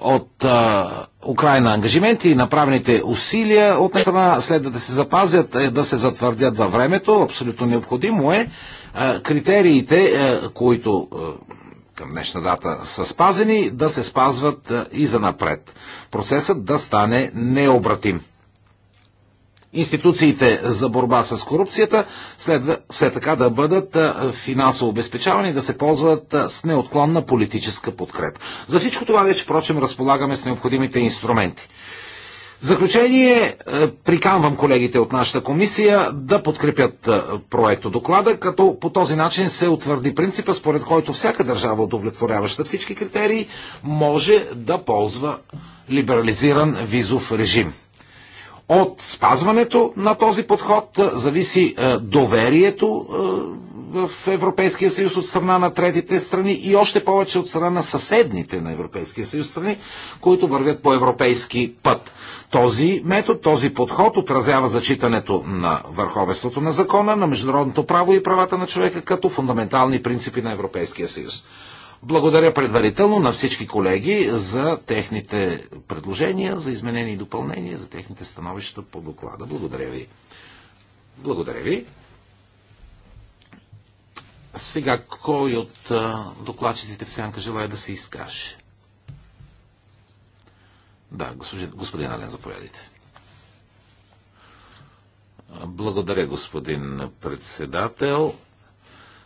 [SPEAKER 3] от а, Украина ангажименти и направените усилия от страна следва да се запазят, е, да се затвърдят във времето. Абсолютно необходимо е а, критериите, а, е, които а, е, към днешна дата са спазени, да се спазват а, е, и занапред. Процесът да стане необратим институциите за борба с корупцията следва все така да бъдат финансово обезпечавани и да се ползват с неотклонна политическа подкреп. За всичко това вече, впрочем, разполагаме с необходимите инструменти. В заключение, приканвам колегите от нашата комисия да подкрепят проекто доклада, като по този начин се утвърди принципа, според който всяка държава, удовлетворяваща всички критерии, може да ползва либерализиран визов режим. От спазването на този подход зависи доверието в Европейския съюз от страна на третите страни и още повече от страна на съседните на Европейския съюз страни, които вървят по европейски път. Този метод, този подход отразява зачитането на върховенството на закона, на международното право и правата на човека като фундаментални принципи на Европейския съюз. Благодаря предварително на всички колеги за техните предложения, за изменени и допълнения, за техните становища по доклада. Благодаря ви. Благодаря ви. Сега, кой от докладчиците в сянка желая да се изкаже? Да, господин, господин Ален, заповядайте. Благодаря, господин председател.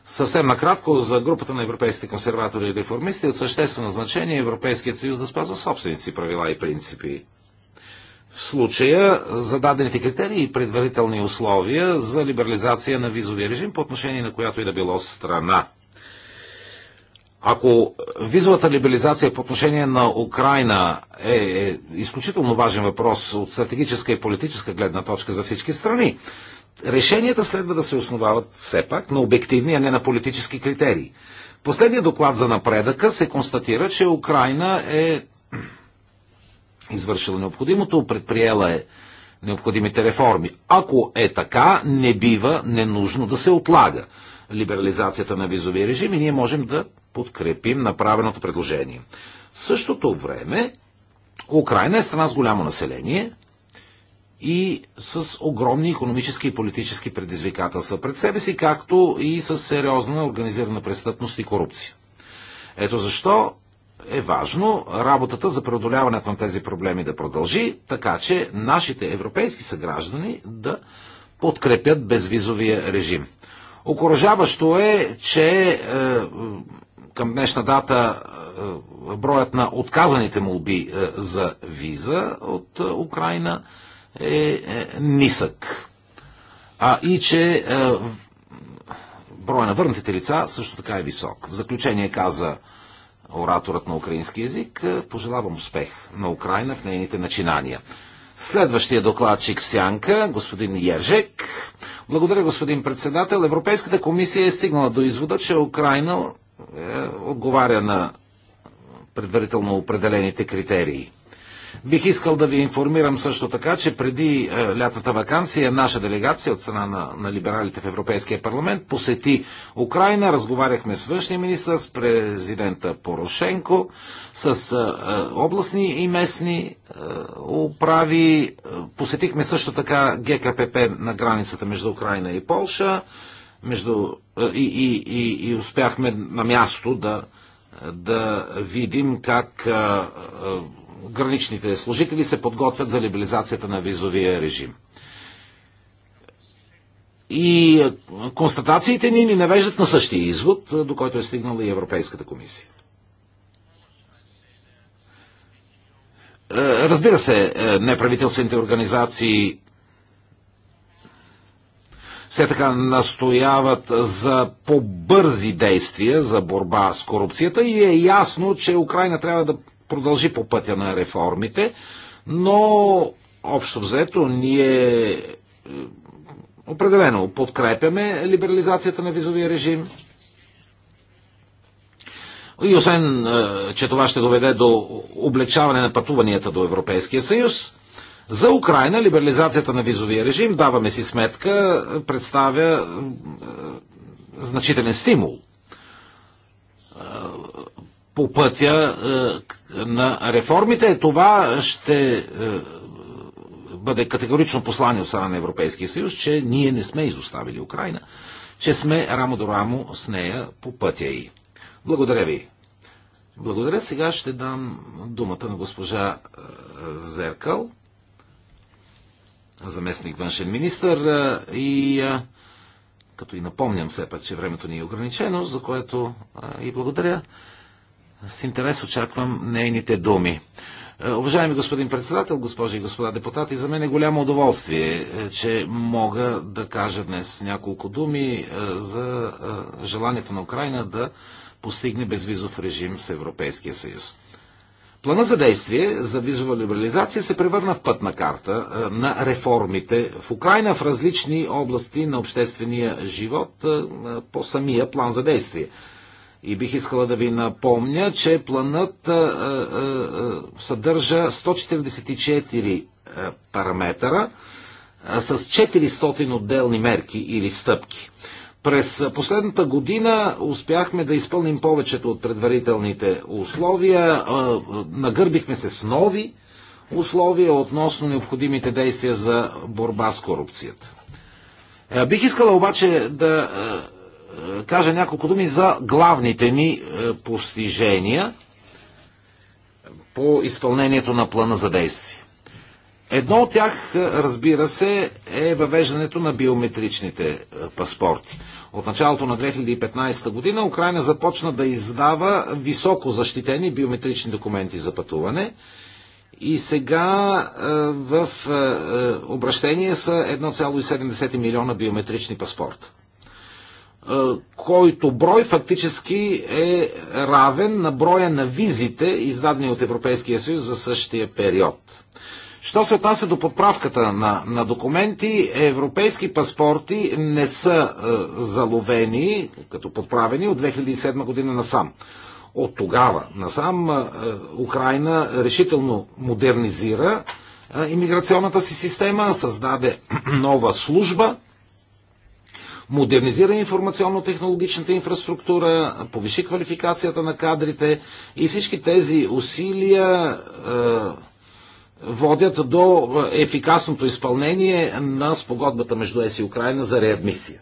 [SPEAKER 3] Съвсем накратко, за групата на европейските консерватори и реформисти от съществено значение е Европейският съюз да спазва собствените си правила и принципи. В случая зададените критерии и предварителни условия за либерализация на визовия режим по отношение на която и да било страна. Ако визовата либерализация по отношение на Украина е, е изключително важен въпрос от стратегическа и политическа гледна точка за всички страни, решенията следва да се основават все пак на обективни, а не на политически критерии. Последният доклад за напредъка се констатира, че Украина е извършила необходимото, предприела е необходимите реформи. Ако е така, не бива ненужно да се отлага либерализацията на визовия режим и ние можем да подкрепим направеното предложение. В същото време Украина е страна с голямо население – и с огромни економически и политически предизвикателства пред себе си, както и с сериозна организирана престъпност и корупция. Ето защо е важно работата за преодоляването на тези проблеми да продължи, така че нашите европейски съграждани да подкрепят безвизовия режим. Окоръжаващо е, че е, към днешна дата е, броят на отказаните молби е, за виза от е, Украина е, е, е нисък. А и че е, броя на върнатите лица също така е висок. В заключение каза ораторът на украински язик, е, пожелавам успех на Украина в нейните начинания. Следващия докладчик в Сянка, господин Ержек. Благодаря, господин председател. Европейската комисия е стигнала до извода, че Украина е, отговаря на предварително определените критерии. Бих искал да ви информирам също така, че преди е, лятната вакансия наша делегация от страна на, на либералите в Европейския парламент посети Украина, разговаряхме с външния министр, с президента Порошенко, с е, е, областни и местни управи. Посетихме също така ГКПП на границата между Украина и Полша между, и, и, и, и успяхме на място да, да видим как а, граничните служители се подготвят за либерализацията на визовия режим. И е, констатациите ни ни навеждат на същия извод, е, до който е стигнала и Европейската комисия. Е, разбира се, неправителствените организации все така настояват за по-бързи действия за борба с корупцията и е ясно, че Украина трябва да продължи по пътя на реформите, но общо взето ние е, определено подкрепяме либерализацията на визовия режим. И освен, е, че това ще доведе до облегчаване на пътуванията до Европейския съюз, за Украина либерализацията на визовия режим, даваме си сметка, представя е, значителен стимул по пътя на реформите. Това ще е, бъде категорично послание от страна на Европейския съюз, че ние не сме изоставили Украина, че сме рамо до рамо с нея по пътя й. Благодаря ви. Благодаря. Сега ще дам думата на госпожа е, Зеркал, заместник външен министр е, и като и напомням все пак, че времето ни е ограничено, за което и благодаря. С интерес очаквам нейните думи. Е, уважаеми господин председател, госпожи и господа депутати, за мен е голямо удоволствие, е, че мога да кажа днес няколко думи е, за желанието на Украина да постигне безвизов режим с Европейския съюз. Плана за действие за визова либерализация се превърна в пътна карта на реформите в Украина в различни области на обществения живот по самия план за действие – и бих искала да ви напомня, че планът а, а, съдържа 144 а, параметъра а, с 400 отделни мерки или стъпки. През последната година успяхме да изпълним повечето от предварителните условия, нагърбихме се с нови условия относно необходимите действия за борба с корупцията. Бих искала обаче да е, кажа няколко думи за главните ни е, постижения по изпълнението на плана за действие. Едно от тях, е, разбира се, е въвеждането на биометричните паспорти. От началото на 2015 година Украина започна да издава високо защитени биометрични документи за пътуване. И сега в обращение са 1,7 милиона биометрични паспорта. Е, който брой фактически е равен на броя на визите, издадени от Европейския съюз за същия период. Що се отнася до подправката на, на документи, европейски паспорти не са е, заловени, като подправени от 2007 година насам. От тогава насам е, Украина решително модернизира е, иммиграционната си система, създаде (clears throat) нова служба – модернизира информационно-технологичната инфраструктура, повиши квалификацията на кадрите и всички тези усилия е, водят до ефикасното изпълнение на спогодбата между ЕС и Украина за реадмисия.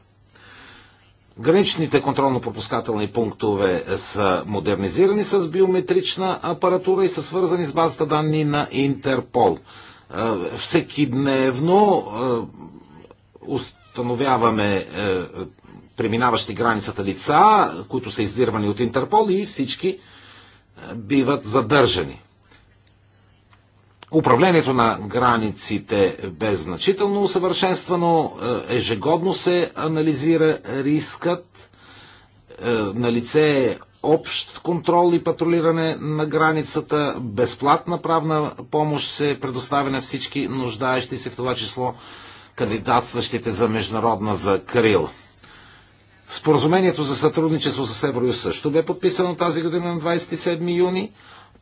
[SPEAKER 3] Граничните контролно-пропускателни пунктове са модернизирани с биометрична апаратура и са свързани с базата данни на Интерпол. Е, Всеки дневно е, установяваме е, преминаващи границата лица, които са издирвани от Интерпол и всички е, биват задържани. Управлението на границите е бе значително усъвършенствано, ежегодно се анализира рискът, на лице е общ контрол и патрулиране на границата, безплатна правна помощ се предоставя на всички нуждаещи се, в това число кандидатстващите за международна закрила. Споразумението за сътрудничество с Евроюз също бе подписано тази година на 27 юни.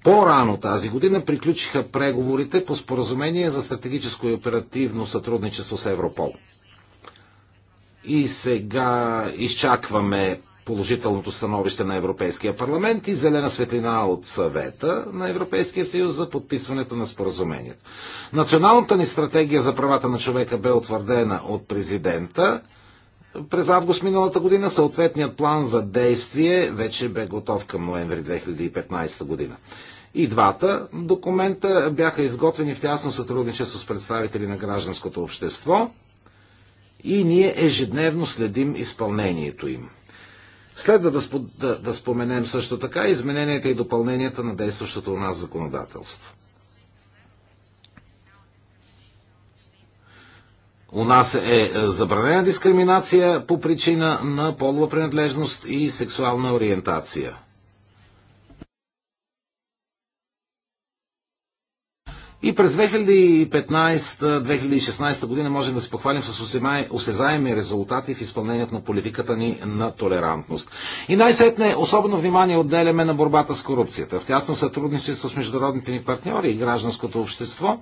[SPEAKER 3] По-рано тази година приключиха преговорите по споразумение за стратегическо и оперативно сътрудничество с Европол. И сега изчакваме положителното становище на Европейския парламент и зелена светлина от съвета на Европейския съюз за подписването на споразумението. Националната ни стратегия за правата на човека бе утвърдена от президента. През август миналата година съответният план за действие вече бе готов към ноември 2015 година. И двата документа бяха изготвени в тясно сътрудничество с представители на гражданското общество и ние ежедневно следим изпълнението им. Следва да, да, да споменем също така измененията и допълненията на действащото у нас законодателство. У нас е, е забранена дискриминация по причина на полова принадлежност и сексуална ориентация. И през 2015-2016 година можем да се похвалим с осезаеми резултати в изпълнението на политиката ни на толерантност. И най-сетне особено внимание отделяме на борбата с корупцията. В тясно сътрудничество с международните ни партньори и гражданското общество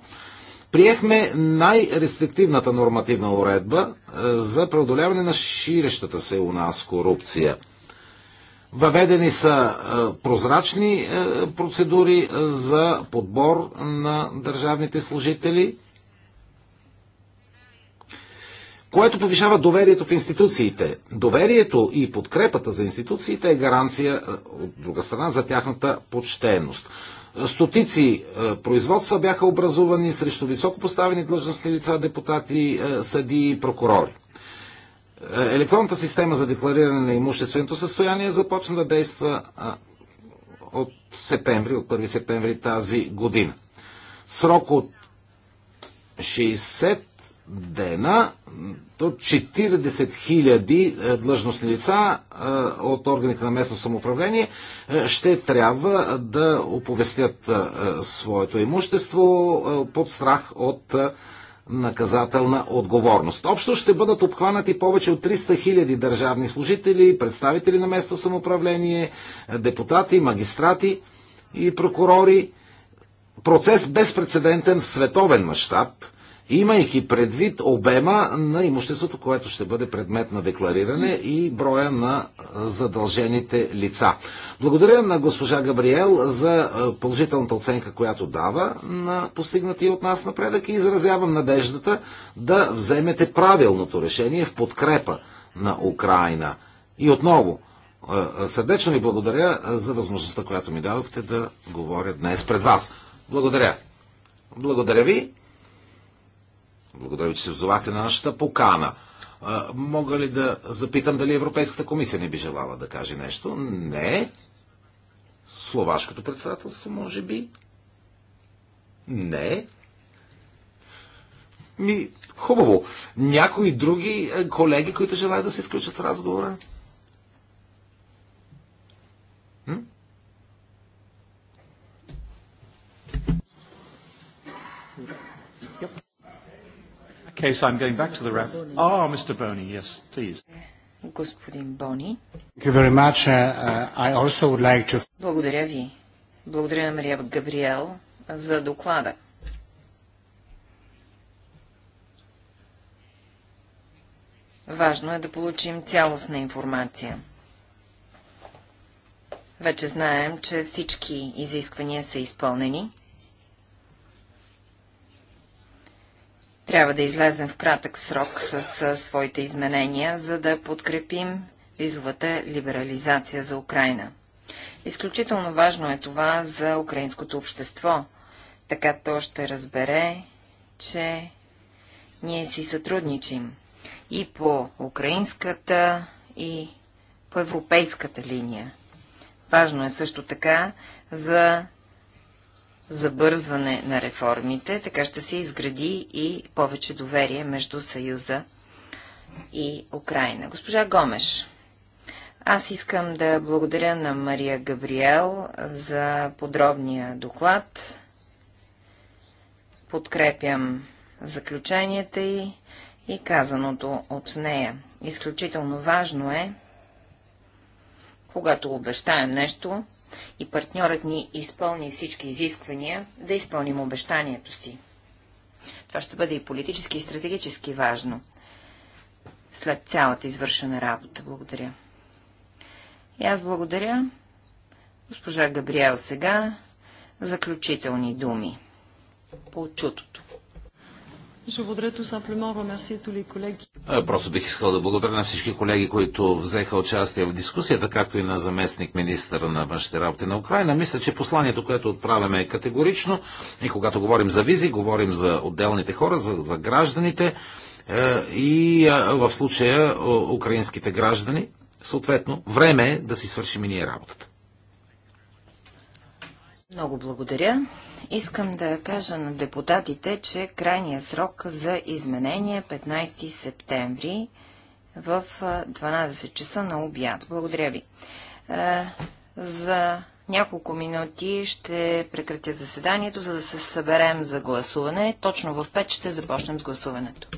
[SPEAKER 3] приехме най-рестриктивната нормативна уредба е, за преодоляване на ширещата се у нас корупция – Въведени са е, прозрачни е, процедури е, за подбор на държавните служители, което повишава доверието в институциите. Доверието и подкрепата за институциите е гаранция, от друга страна, за тяхната почтеност. Стотици производства бяха образувани срещу високопоставени длъжностни лица, депутати, съди и прокурори. Е, електронната система за деклариране на имущественото състояние започна да действа от септември, от 1 септември тази година. Срок от 60 дена до 40 000 е, длъжностни лица е, от органите на местно самоуправление ще трябва да оповестят своето имущество под страх от наказателна отговорност. Общо ще бъдат обхванати повече от 300 000 държавни служители, представители на место самоуправление, депутати, магистрати и прокурори. Процес безпредседентен в световен мащаб – имайки предвид обема на имуществото, което ще бъде предмет на деклариране и броя на задължените лица. Благодаря на госпожа Габриел за положителната оценка, която дава на постигнати от нас напредък и изразявам надеждата да вземете правилното решение в подкрепа на Украина. И отново, сърдечно ви благодаря за възможността, която ми дадохте да говоря днес пред вас. Благодаря. Благодаря ви. Благодаря, че се взовахте на нашата покана. Мога ли да запитам дали Европейската комисия не би желала да каже нещо? Не. Словашкото председателство, може би? Не. Ми, хубаво. Някои други е, колеги, които желаят да се включат в разговора? case,
[SPEAKER 1] I'm going back to the ref. Oh, ah, Mr. Boney,
[SPEAKER 3] yes, please.
[SPEAKER 2] Господин Бони.
[SPEAKER 3] Thank you very much. Uh, uh, I also would like to...
[SPEAKER 2] Благодаря ви. Благодаря на Мария Габриел за доклада. Важно е да получим цялостна информация. Вече знаем, че всички изисквания са изпълнени. Трябва да излезем в кратък срок с, с своите изменения, за да подкрепим визовата либерализация за Украина. Изключително важно е това за украинското общество. Така то ще разбере, че ние си сътрудничим и по украинската, и по европейската линия. Важно е също така за забързване на реформите, така ще се изгради и повече доверие между Съюза и Украина. Госпожа Гомеш, аз искам да благодаря на Мария Габриел за подробния доклад. Подкрепям заключенията й и казаното от нея. Изключително важно е, когато обещаем нещо, и партньорът ни изпълни всички изисквания, да изпълним обещанието си. Това ще бъде и политически, и стратегически важно след цялата извършена работа. Благодаря. И аз благодаря. Госпожа Габриел сега заключителни думи
[SPEAKER 1] по чутото.
[SPEAKER 3] Е, просто бих искал да благодаря на всички колеги, които взеха участие в дискусията, както и на заместник министър на външните работи на Украина. Мисля, че посланието, което отправяме е категорично и когато говорим за визи, говорим за отделните хора, за, за гражданите е, и е, в случая украинските граждани. Съответно, време е да си свършим и ние работата.
[SPEAKER 2] Много благодаря. Искам да кажа на депутатите, че крайният срок за изменение 15 е септември в 12 часа на обяд. Благодаря ви. За няколко минути ще прекратя заседанието, за да се съберем за гласуване. Точно в 5 ще започнем с гласуването.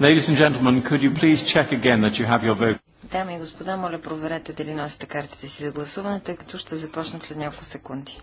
[SPEAKER 1] Ladies and gentlemen, could you please check again that you have your vote?
[SPEAKER 2] Дами и господа, моля проверете дали носите картите си за гласуване, тъй като ще започнат след няколко секунди.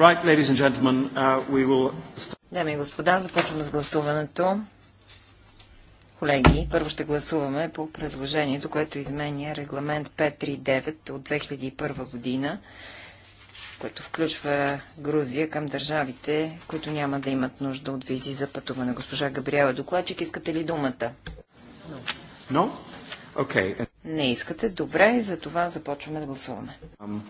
[SPEAKER 1] Right, ladies and gentlemen, uh, we will...
[SPEAKER 2] Дами и господа, започваме с гласуването. Колеги, първо ще гласуваме по предложението, което изменя регламент 539 от 2001 година, което включва Грузия към държавите, които няма да имат нужда от визи за пътуване. Госпожа Габриела Докладчик, искате ли думата?
[SPEAKER 1] No. Okay.
[SPEAKER 2] Не искате. Добре, за това започваме да гласуваме.
[SPEAKER 1] Um,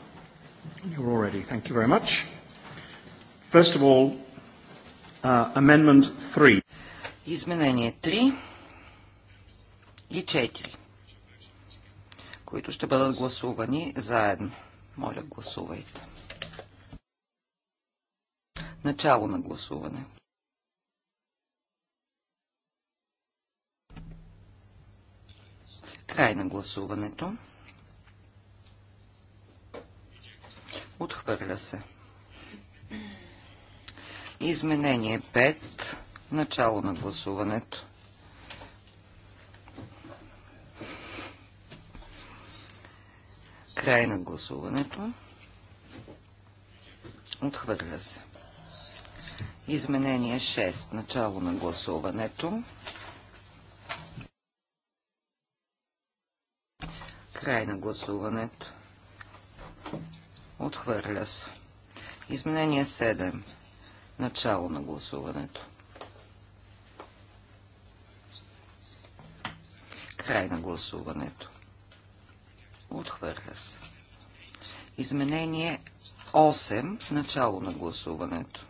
[SPEAKER 1] First of all, uh, amendment 3. Изменение 3 и 4, които ще бъдат гласувани заедно. Моля, гласувайте. Начало на гласуване. Край на гласуването. Отхвърля се. Изменение 5. Начало на гласуването. Край на гласуването. Отхвърля се. Изменение 6. Начало на гласуването. Край на гласуването. Отхвърля се. Изменение 7. Начало на гласуването. Край на гласуването. Отхвърля се. Изменение 8. Начало на гласуването.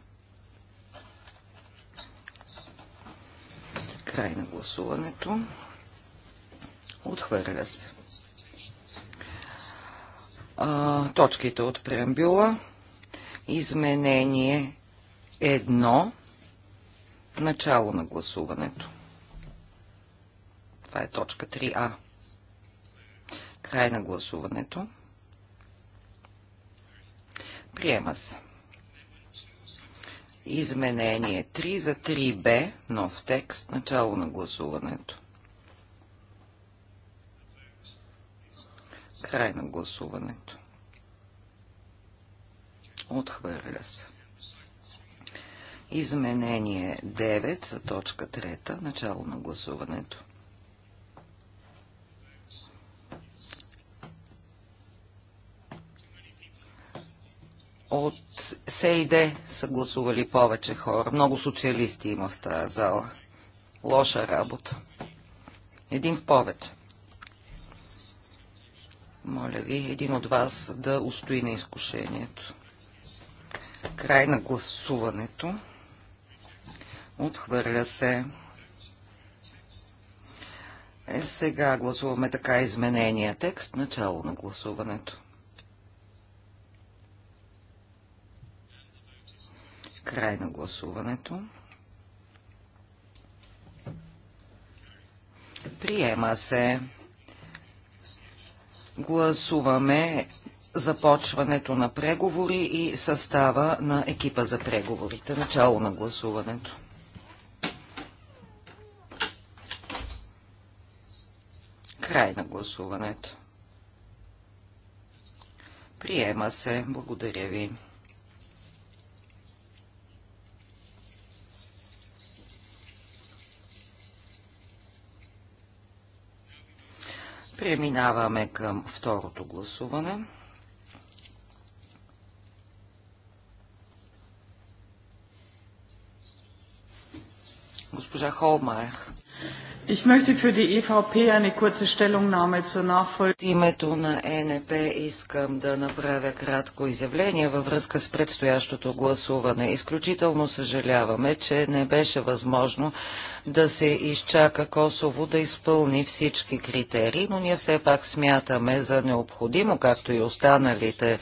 [SPEAKER 1] Край на гласуването. Отхвърля се. А, точките от преамбюла. Изменение едно Начало на гласуването. Това е точка 3А. Край на гласуването. Приема се. Изменение 3 за 3Б, нов текст, начало на гласуването. Край на гласуването. Отхвърля се. Изменение 9 за точка 3. Начало на гласуването. От СЕИД са гласували повече хора. Много социалисти има в тази зала. Лоша работа. Един в повече. Моля ви, един от вас да устои на изкушението. Край на гласуването. Отхвърля се. Е, сега гласуваме така изменения текст, начало на гласуването. Край на гласуването. Приема се. Гласуваме започването на преговори и състава на екипа за преговорите. Начало на гласуването. Край на гласуването. Приема се. Благодаря ви. Преминаваме към второто гласуване. Госпожа Холмайер. Ich möchte für die EVP eine kurze Stellungnahme zur Nachfolge. Името на ЕНП искам да направя кратко изявление във връзка с предстоящото гласуване. Изключително съжаляваме, че не беше възможно да се изчака Косово да изпълни всички критерии, но ние все пак смятаме за необходимо, както и останалите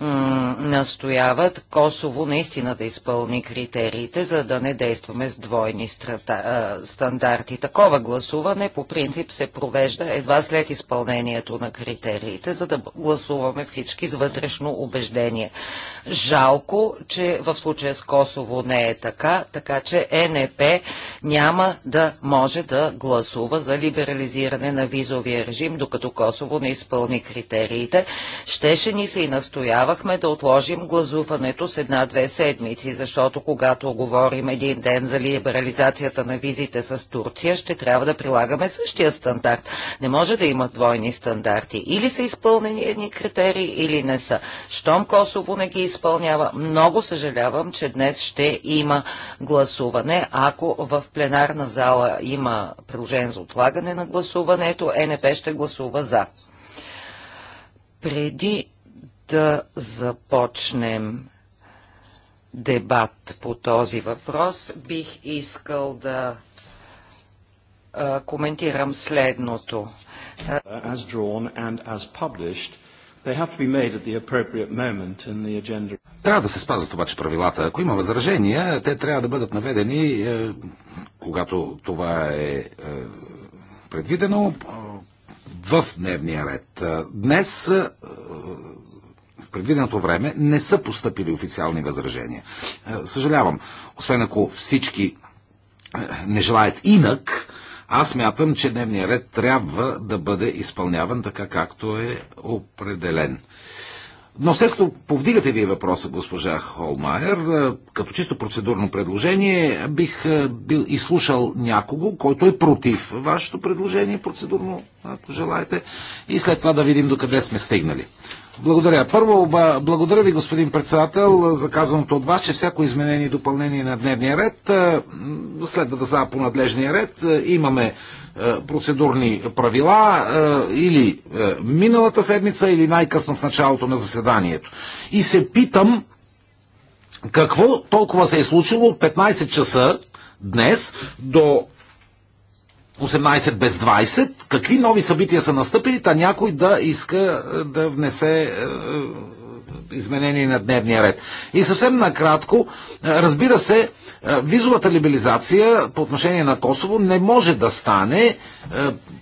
[SPEAKER 1] настояват Косово наистина да изпълни критериите, за да не действаме с двойни страта, стандарти. Такова гласуване по принцип се провежда едва след изпълнението на критериите, за да гласуваме всички с вътрешно убеждение. Жалко, че в случая с Косово не е така, така че ЕНП няма да може да гласува за либерализиране на визовия режим, докато Косово не изпълни критериите. Щеше ни се и настоява настоявахме да отложим глазуването с една-две седмици, защото когато говорим един ден за либерализацията на визите с Турция, ще трябва да прилагаме същия стандарт. Не може да има двойни стандарти. Или са изпълнени едни критерии, или не са. Щом Косово не ги изпълнява, много съжалявам, че днес ще има гласуване. Ако в пленарна зала има предложение за отлагане на гласуването, ЕНП ще гласува за преди да започнем дебат по този въпрос. Бих искал да а, коментирам следното. Uh, as drawn and as published, They have to be made at the appropriate
[SPEAKER 3] moment in the agenda. Трябва да се спазват обаче правилата. Ако има възражения, те трябва да бъдат наведени, е, когато това е, е предвидено, е, в дневния ред. Днес в предвиденото време не са поступили официални възражения. Е, съжалявам, освен ако всички е, не желаят инак, аз мятам, че дневният ред трябва да бъде изпълняван така, както е определен. Но след като повдигате вие въпроса, госпожа Холмайер, е, като чисто процедурно предложение, бих бил изслушал някого, който е против вашето предложение, процедурно, ако желаете, и след това да видим докъде сме стигнали. Благодаря. Първо, благодаря ви, господин председател, за казаното от вас, че всяко изменение и допълнение на дневния ред следва да става по надлежния ред. Имаме процедурни правила или миналата седмица, или най-късно в началото на заседанието. И се питам какво толкова се е случило от 15 часа днес до 18 без 20, какви нови събития са настъпили, та някой да иска е, да внесе е, изменение на дневния ред. И съвсем накратко, е, разбира се, визовата либелизация по отношение на Косово не може да стане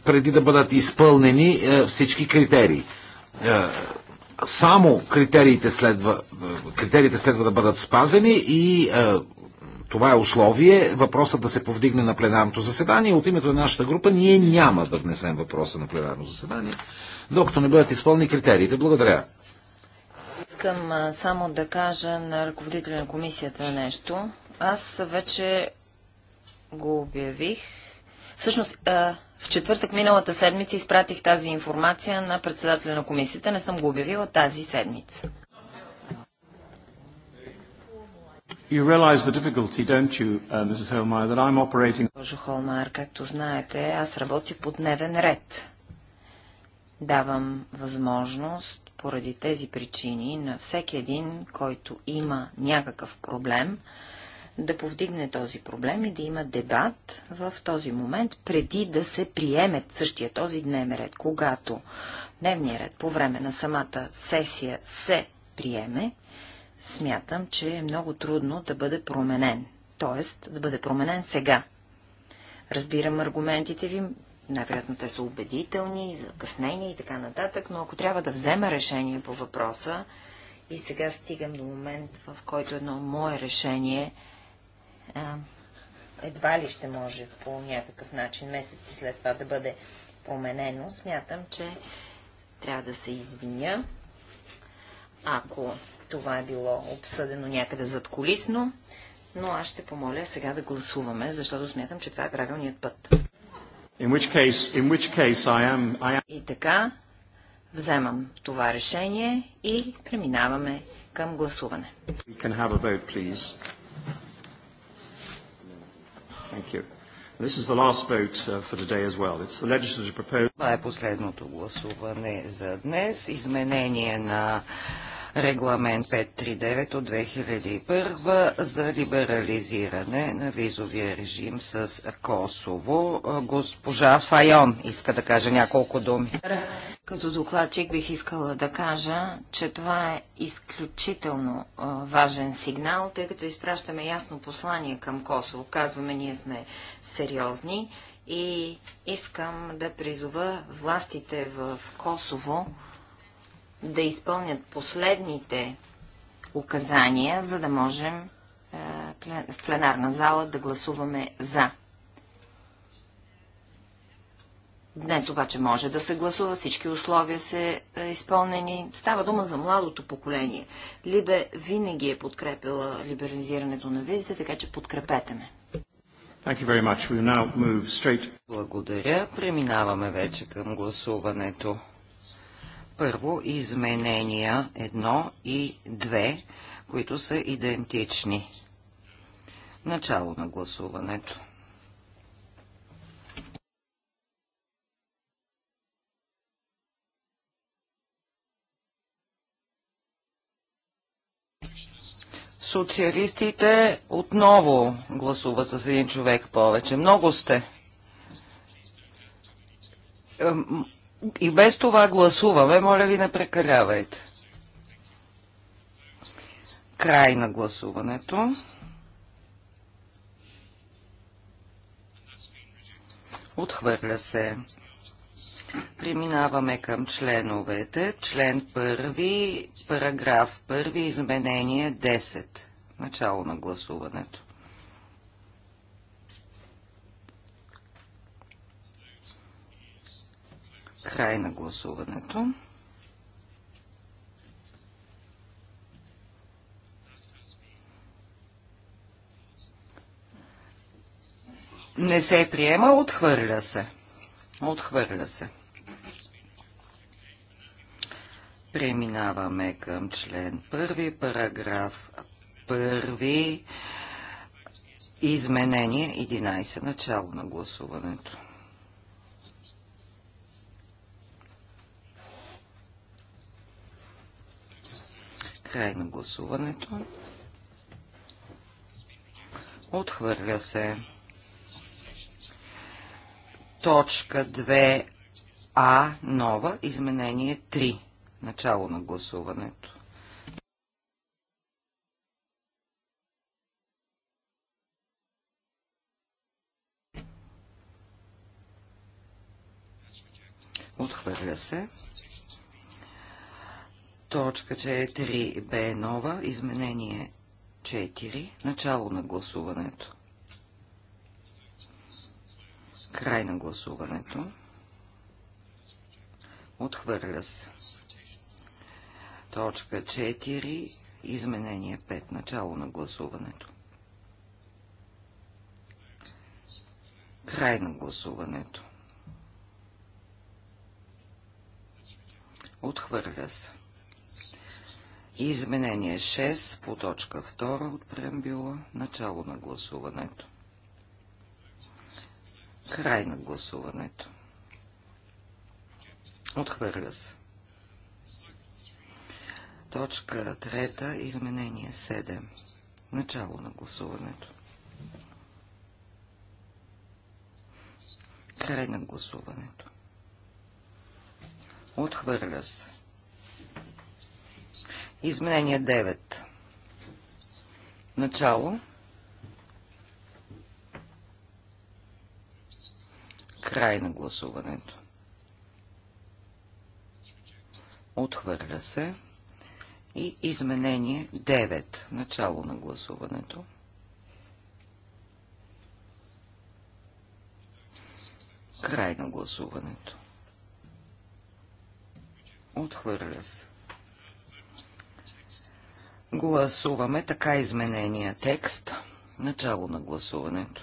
[SPEAKER 3] преди да бъдат изпълнени всички критерии. Само критериите следва, критериите следва да бъдат спазени и това е условие, въпросът да се повдигне на пленарното заседание. От името на нашата група ние няма да внесем въпроса на пленарно заседание, докато не бъдат изпълни критериите. Благодаря.
[SPEAKER 2] Искам само да кажа на ръководителя на комисията нещо. Аз вече го обявих. Всъщност, в четвъртък миналата седмица изпратих тази информация на председателя на комисията. Не съм го обявила тази седмица.
[SPEAKER 1] You realize the difficulty, don't you, uh, Mrs. Holmeyer, that I'm operating...
[SPEAKER 2] Божо Холмайер, както знаете, аз работя по дневен ред. Давам възможност, поради тези причини, на всеки един, който има някакъв проблем, да повдигне този проблем и да има дебат в този момент, преди да се приеме същия този дневен ред. Когато дневният ред по време на самата сесия се приеме, смятам, че е много трудно да бъде променен. Тоест, да бъде променен сега. Разбирам аргументите ви, най-вероятно те са убедителни, закъснения и така нататък, но ако трябва да взема решение по въпроса, и сега стигам до момент, в който едно мое решение а, едва ли ще може по някакъв начин месеци след това да бъде променено, смятам, че трябва да се извиня, ако това е било обсъдено някъде зад колисно, но аз ще помоля сега да гласуваме, защото смятам, че това е правилният път.
[SPEAKER 1] In which case, in which case I am, I
[SPEAKER 2] am... И така, вземам това решение и преминаваме към гласуване.
[SPEAKER 1] We can have a vote, please. Thank you. This is the last vote uh, for today as well. It's the legislative proposal. Това е последното гласуване за днес. Изменение на регламент 539 от 2001 за либерализиране на визовия режим с Косово. Госпожа Файон иска да каже няколко думи.
[SPEAKER 2] Като докладчик бих искала да кажа, че това е изключително важен сигнал, тъй като изпращаме ясно послание към Косово. Казваме, ние сме сериозни и искам да призова властите в Косово да изпълнят последните указания, за да можем е, в пленарна зала да гласуваме за. Днес обаче може да се гласува, всички условия са е, изпълнени. Става дума за младото поколение. Либе винаги е подкрепила либерализирането на визите, така че подкрепете ме.
[SPEAKER 1] Благодаря. Преминаваме вече към гласуването. Първо, изменения 1 и 2, които са идентични. Начало на гласуването. Социалистите отново гласуват с един човек повече. Много сте и без това гласуваме. Моля ви, не прекалявайте. Край на гласуването. Отхвърля се. Преминаваме към членовете. Член първи, параграф първи, изменение 10. Начало на гласуването. Край на гласуването. Не се приема, отхвърля се. Отхвърля се. Преминаваме към член първи, параграф първи, изменение 11, начало на гласуването. Край на гласуването. Отхвърля се. Точка 2А нова, изменение 3. Начало на гласуването. Отхвърля се. Точка 4 бе нова, изменение 4, начало на гласуването. Край на гласуването. Отхвърля се. Точка 4, изменение 5, начало на гласуването. Край на гласуването. Отхвърля се. Изменение 6 по точка 2 от преамбюла. Начало на гласуването. Край на гласуването. Отхвърля се. Точка 3. Изменение 7. Начало на гласуването. Край на гласуването. Отхвърля се. Изменение 9. Начало. Край на гласуването. Отхвърля се. И изменение 9. Начало на гласуването. Край на гласуването. Отхвърля се. Гласуваме така изменения текст. Начало на гласуването.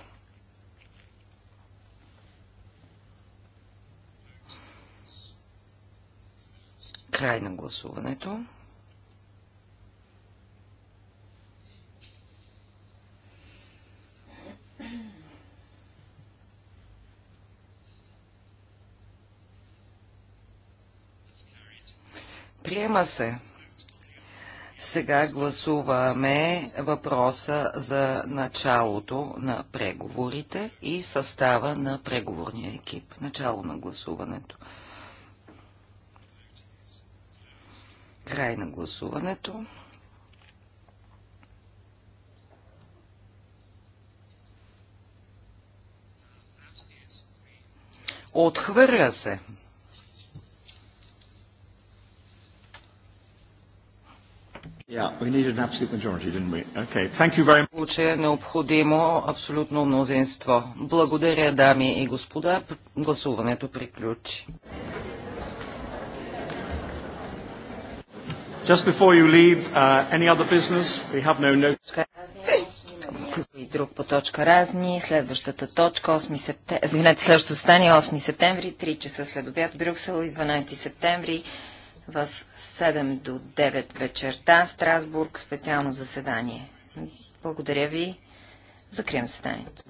[SPEAKER 1] Край на гласуването. Приема се. Сега гласуваме въпроса за началото на преговорите и състава на преговорния екип. Начало на гласуването. Край на гласуването. Отхвърля се. Yeah, е необходимо абсолютно мнозинство. Благодаря, дами и господа. Гласуването приключи. Just before you leave, uh, any other business? We have no notice. И друг по точка разни.
[SPEAKER 2] Следващата точка, 8 септември, извинете, следващото стане 8 е септември, 3 часа след обяд, Брюксел и 12 септември, в 7 до 9 вечерта, Страсбург, специално заседание. Благодаря ви. Закрием заседанието.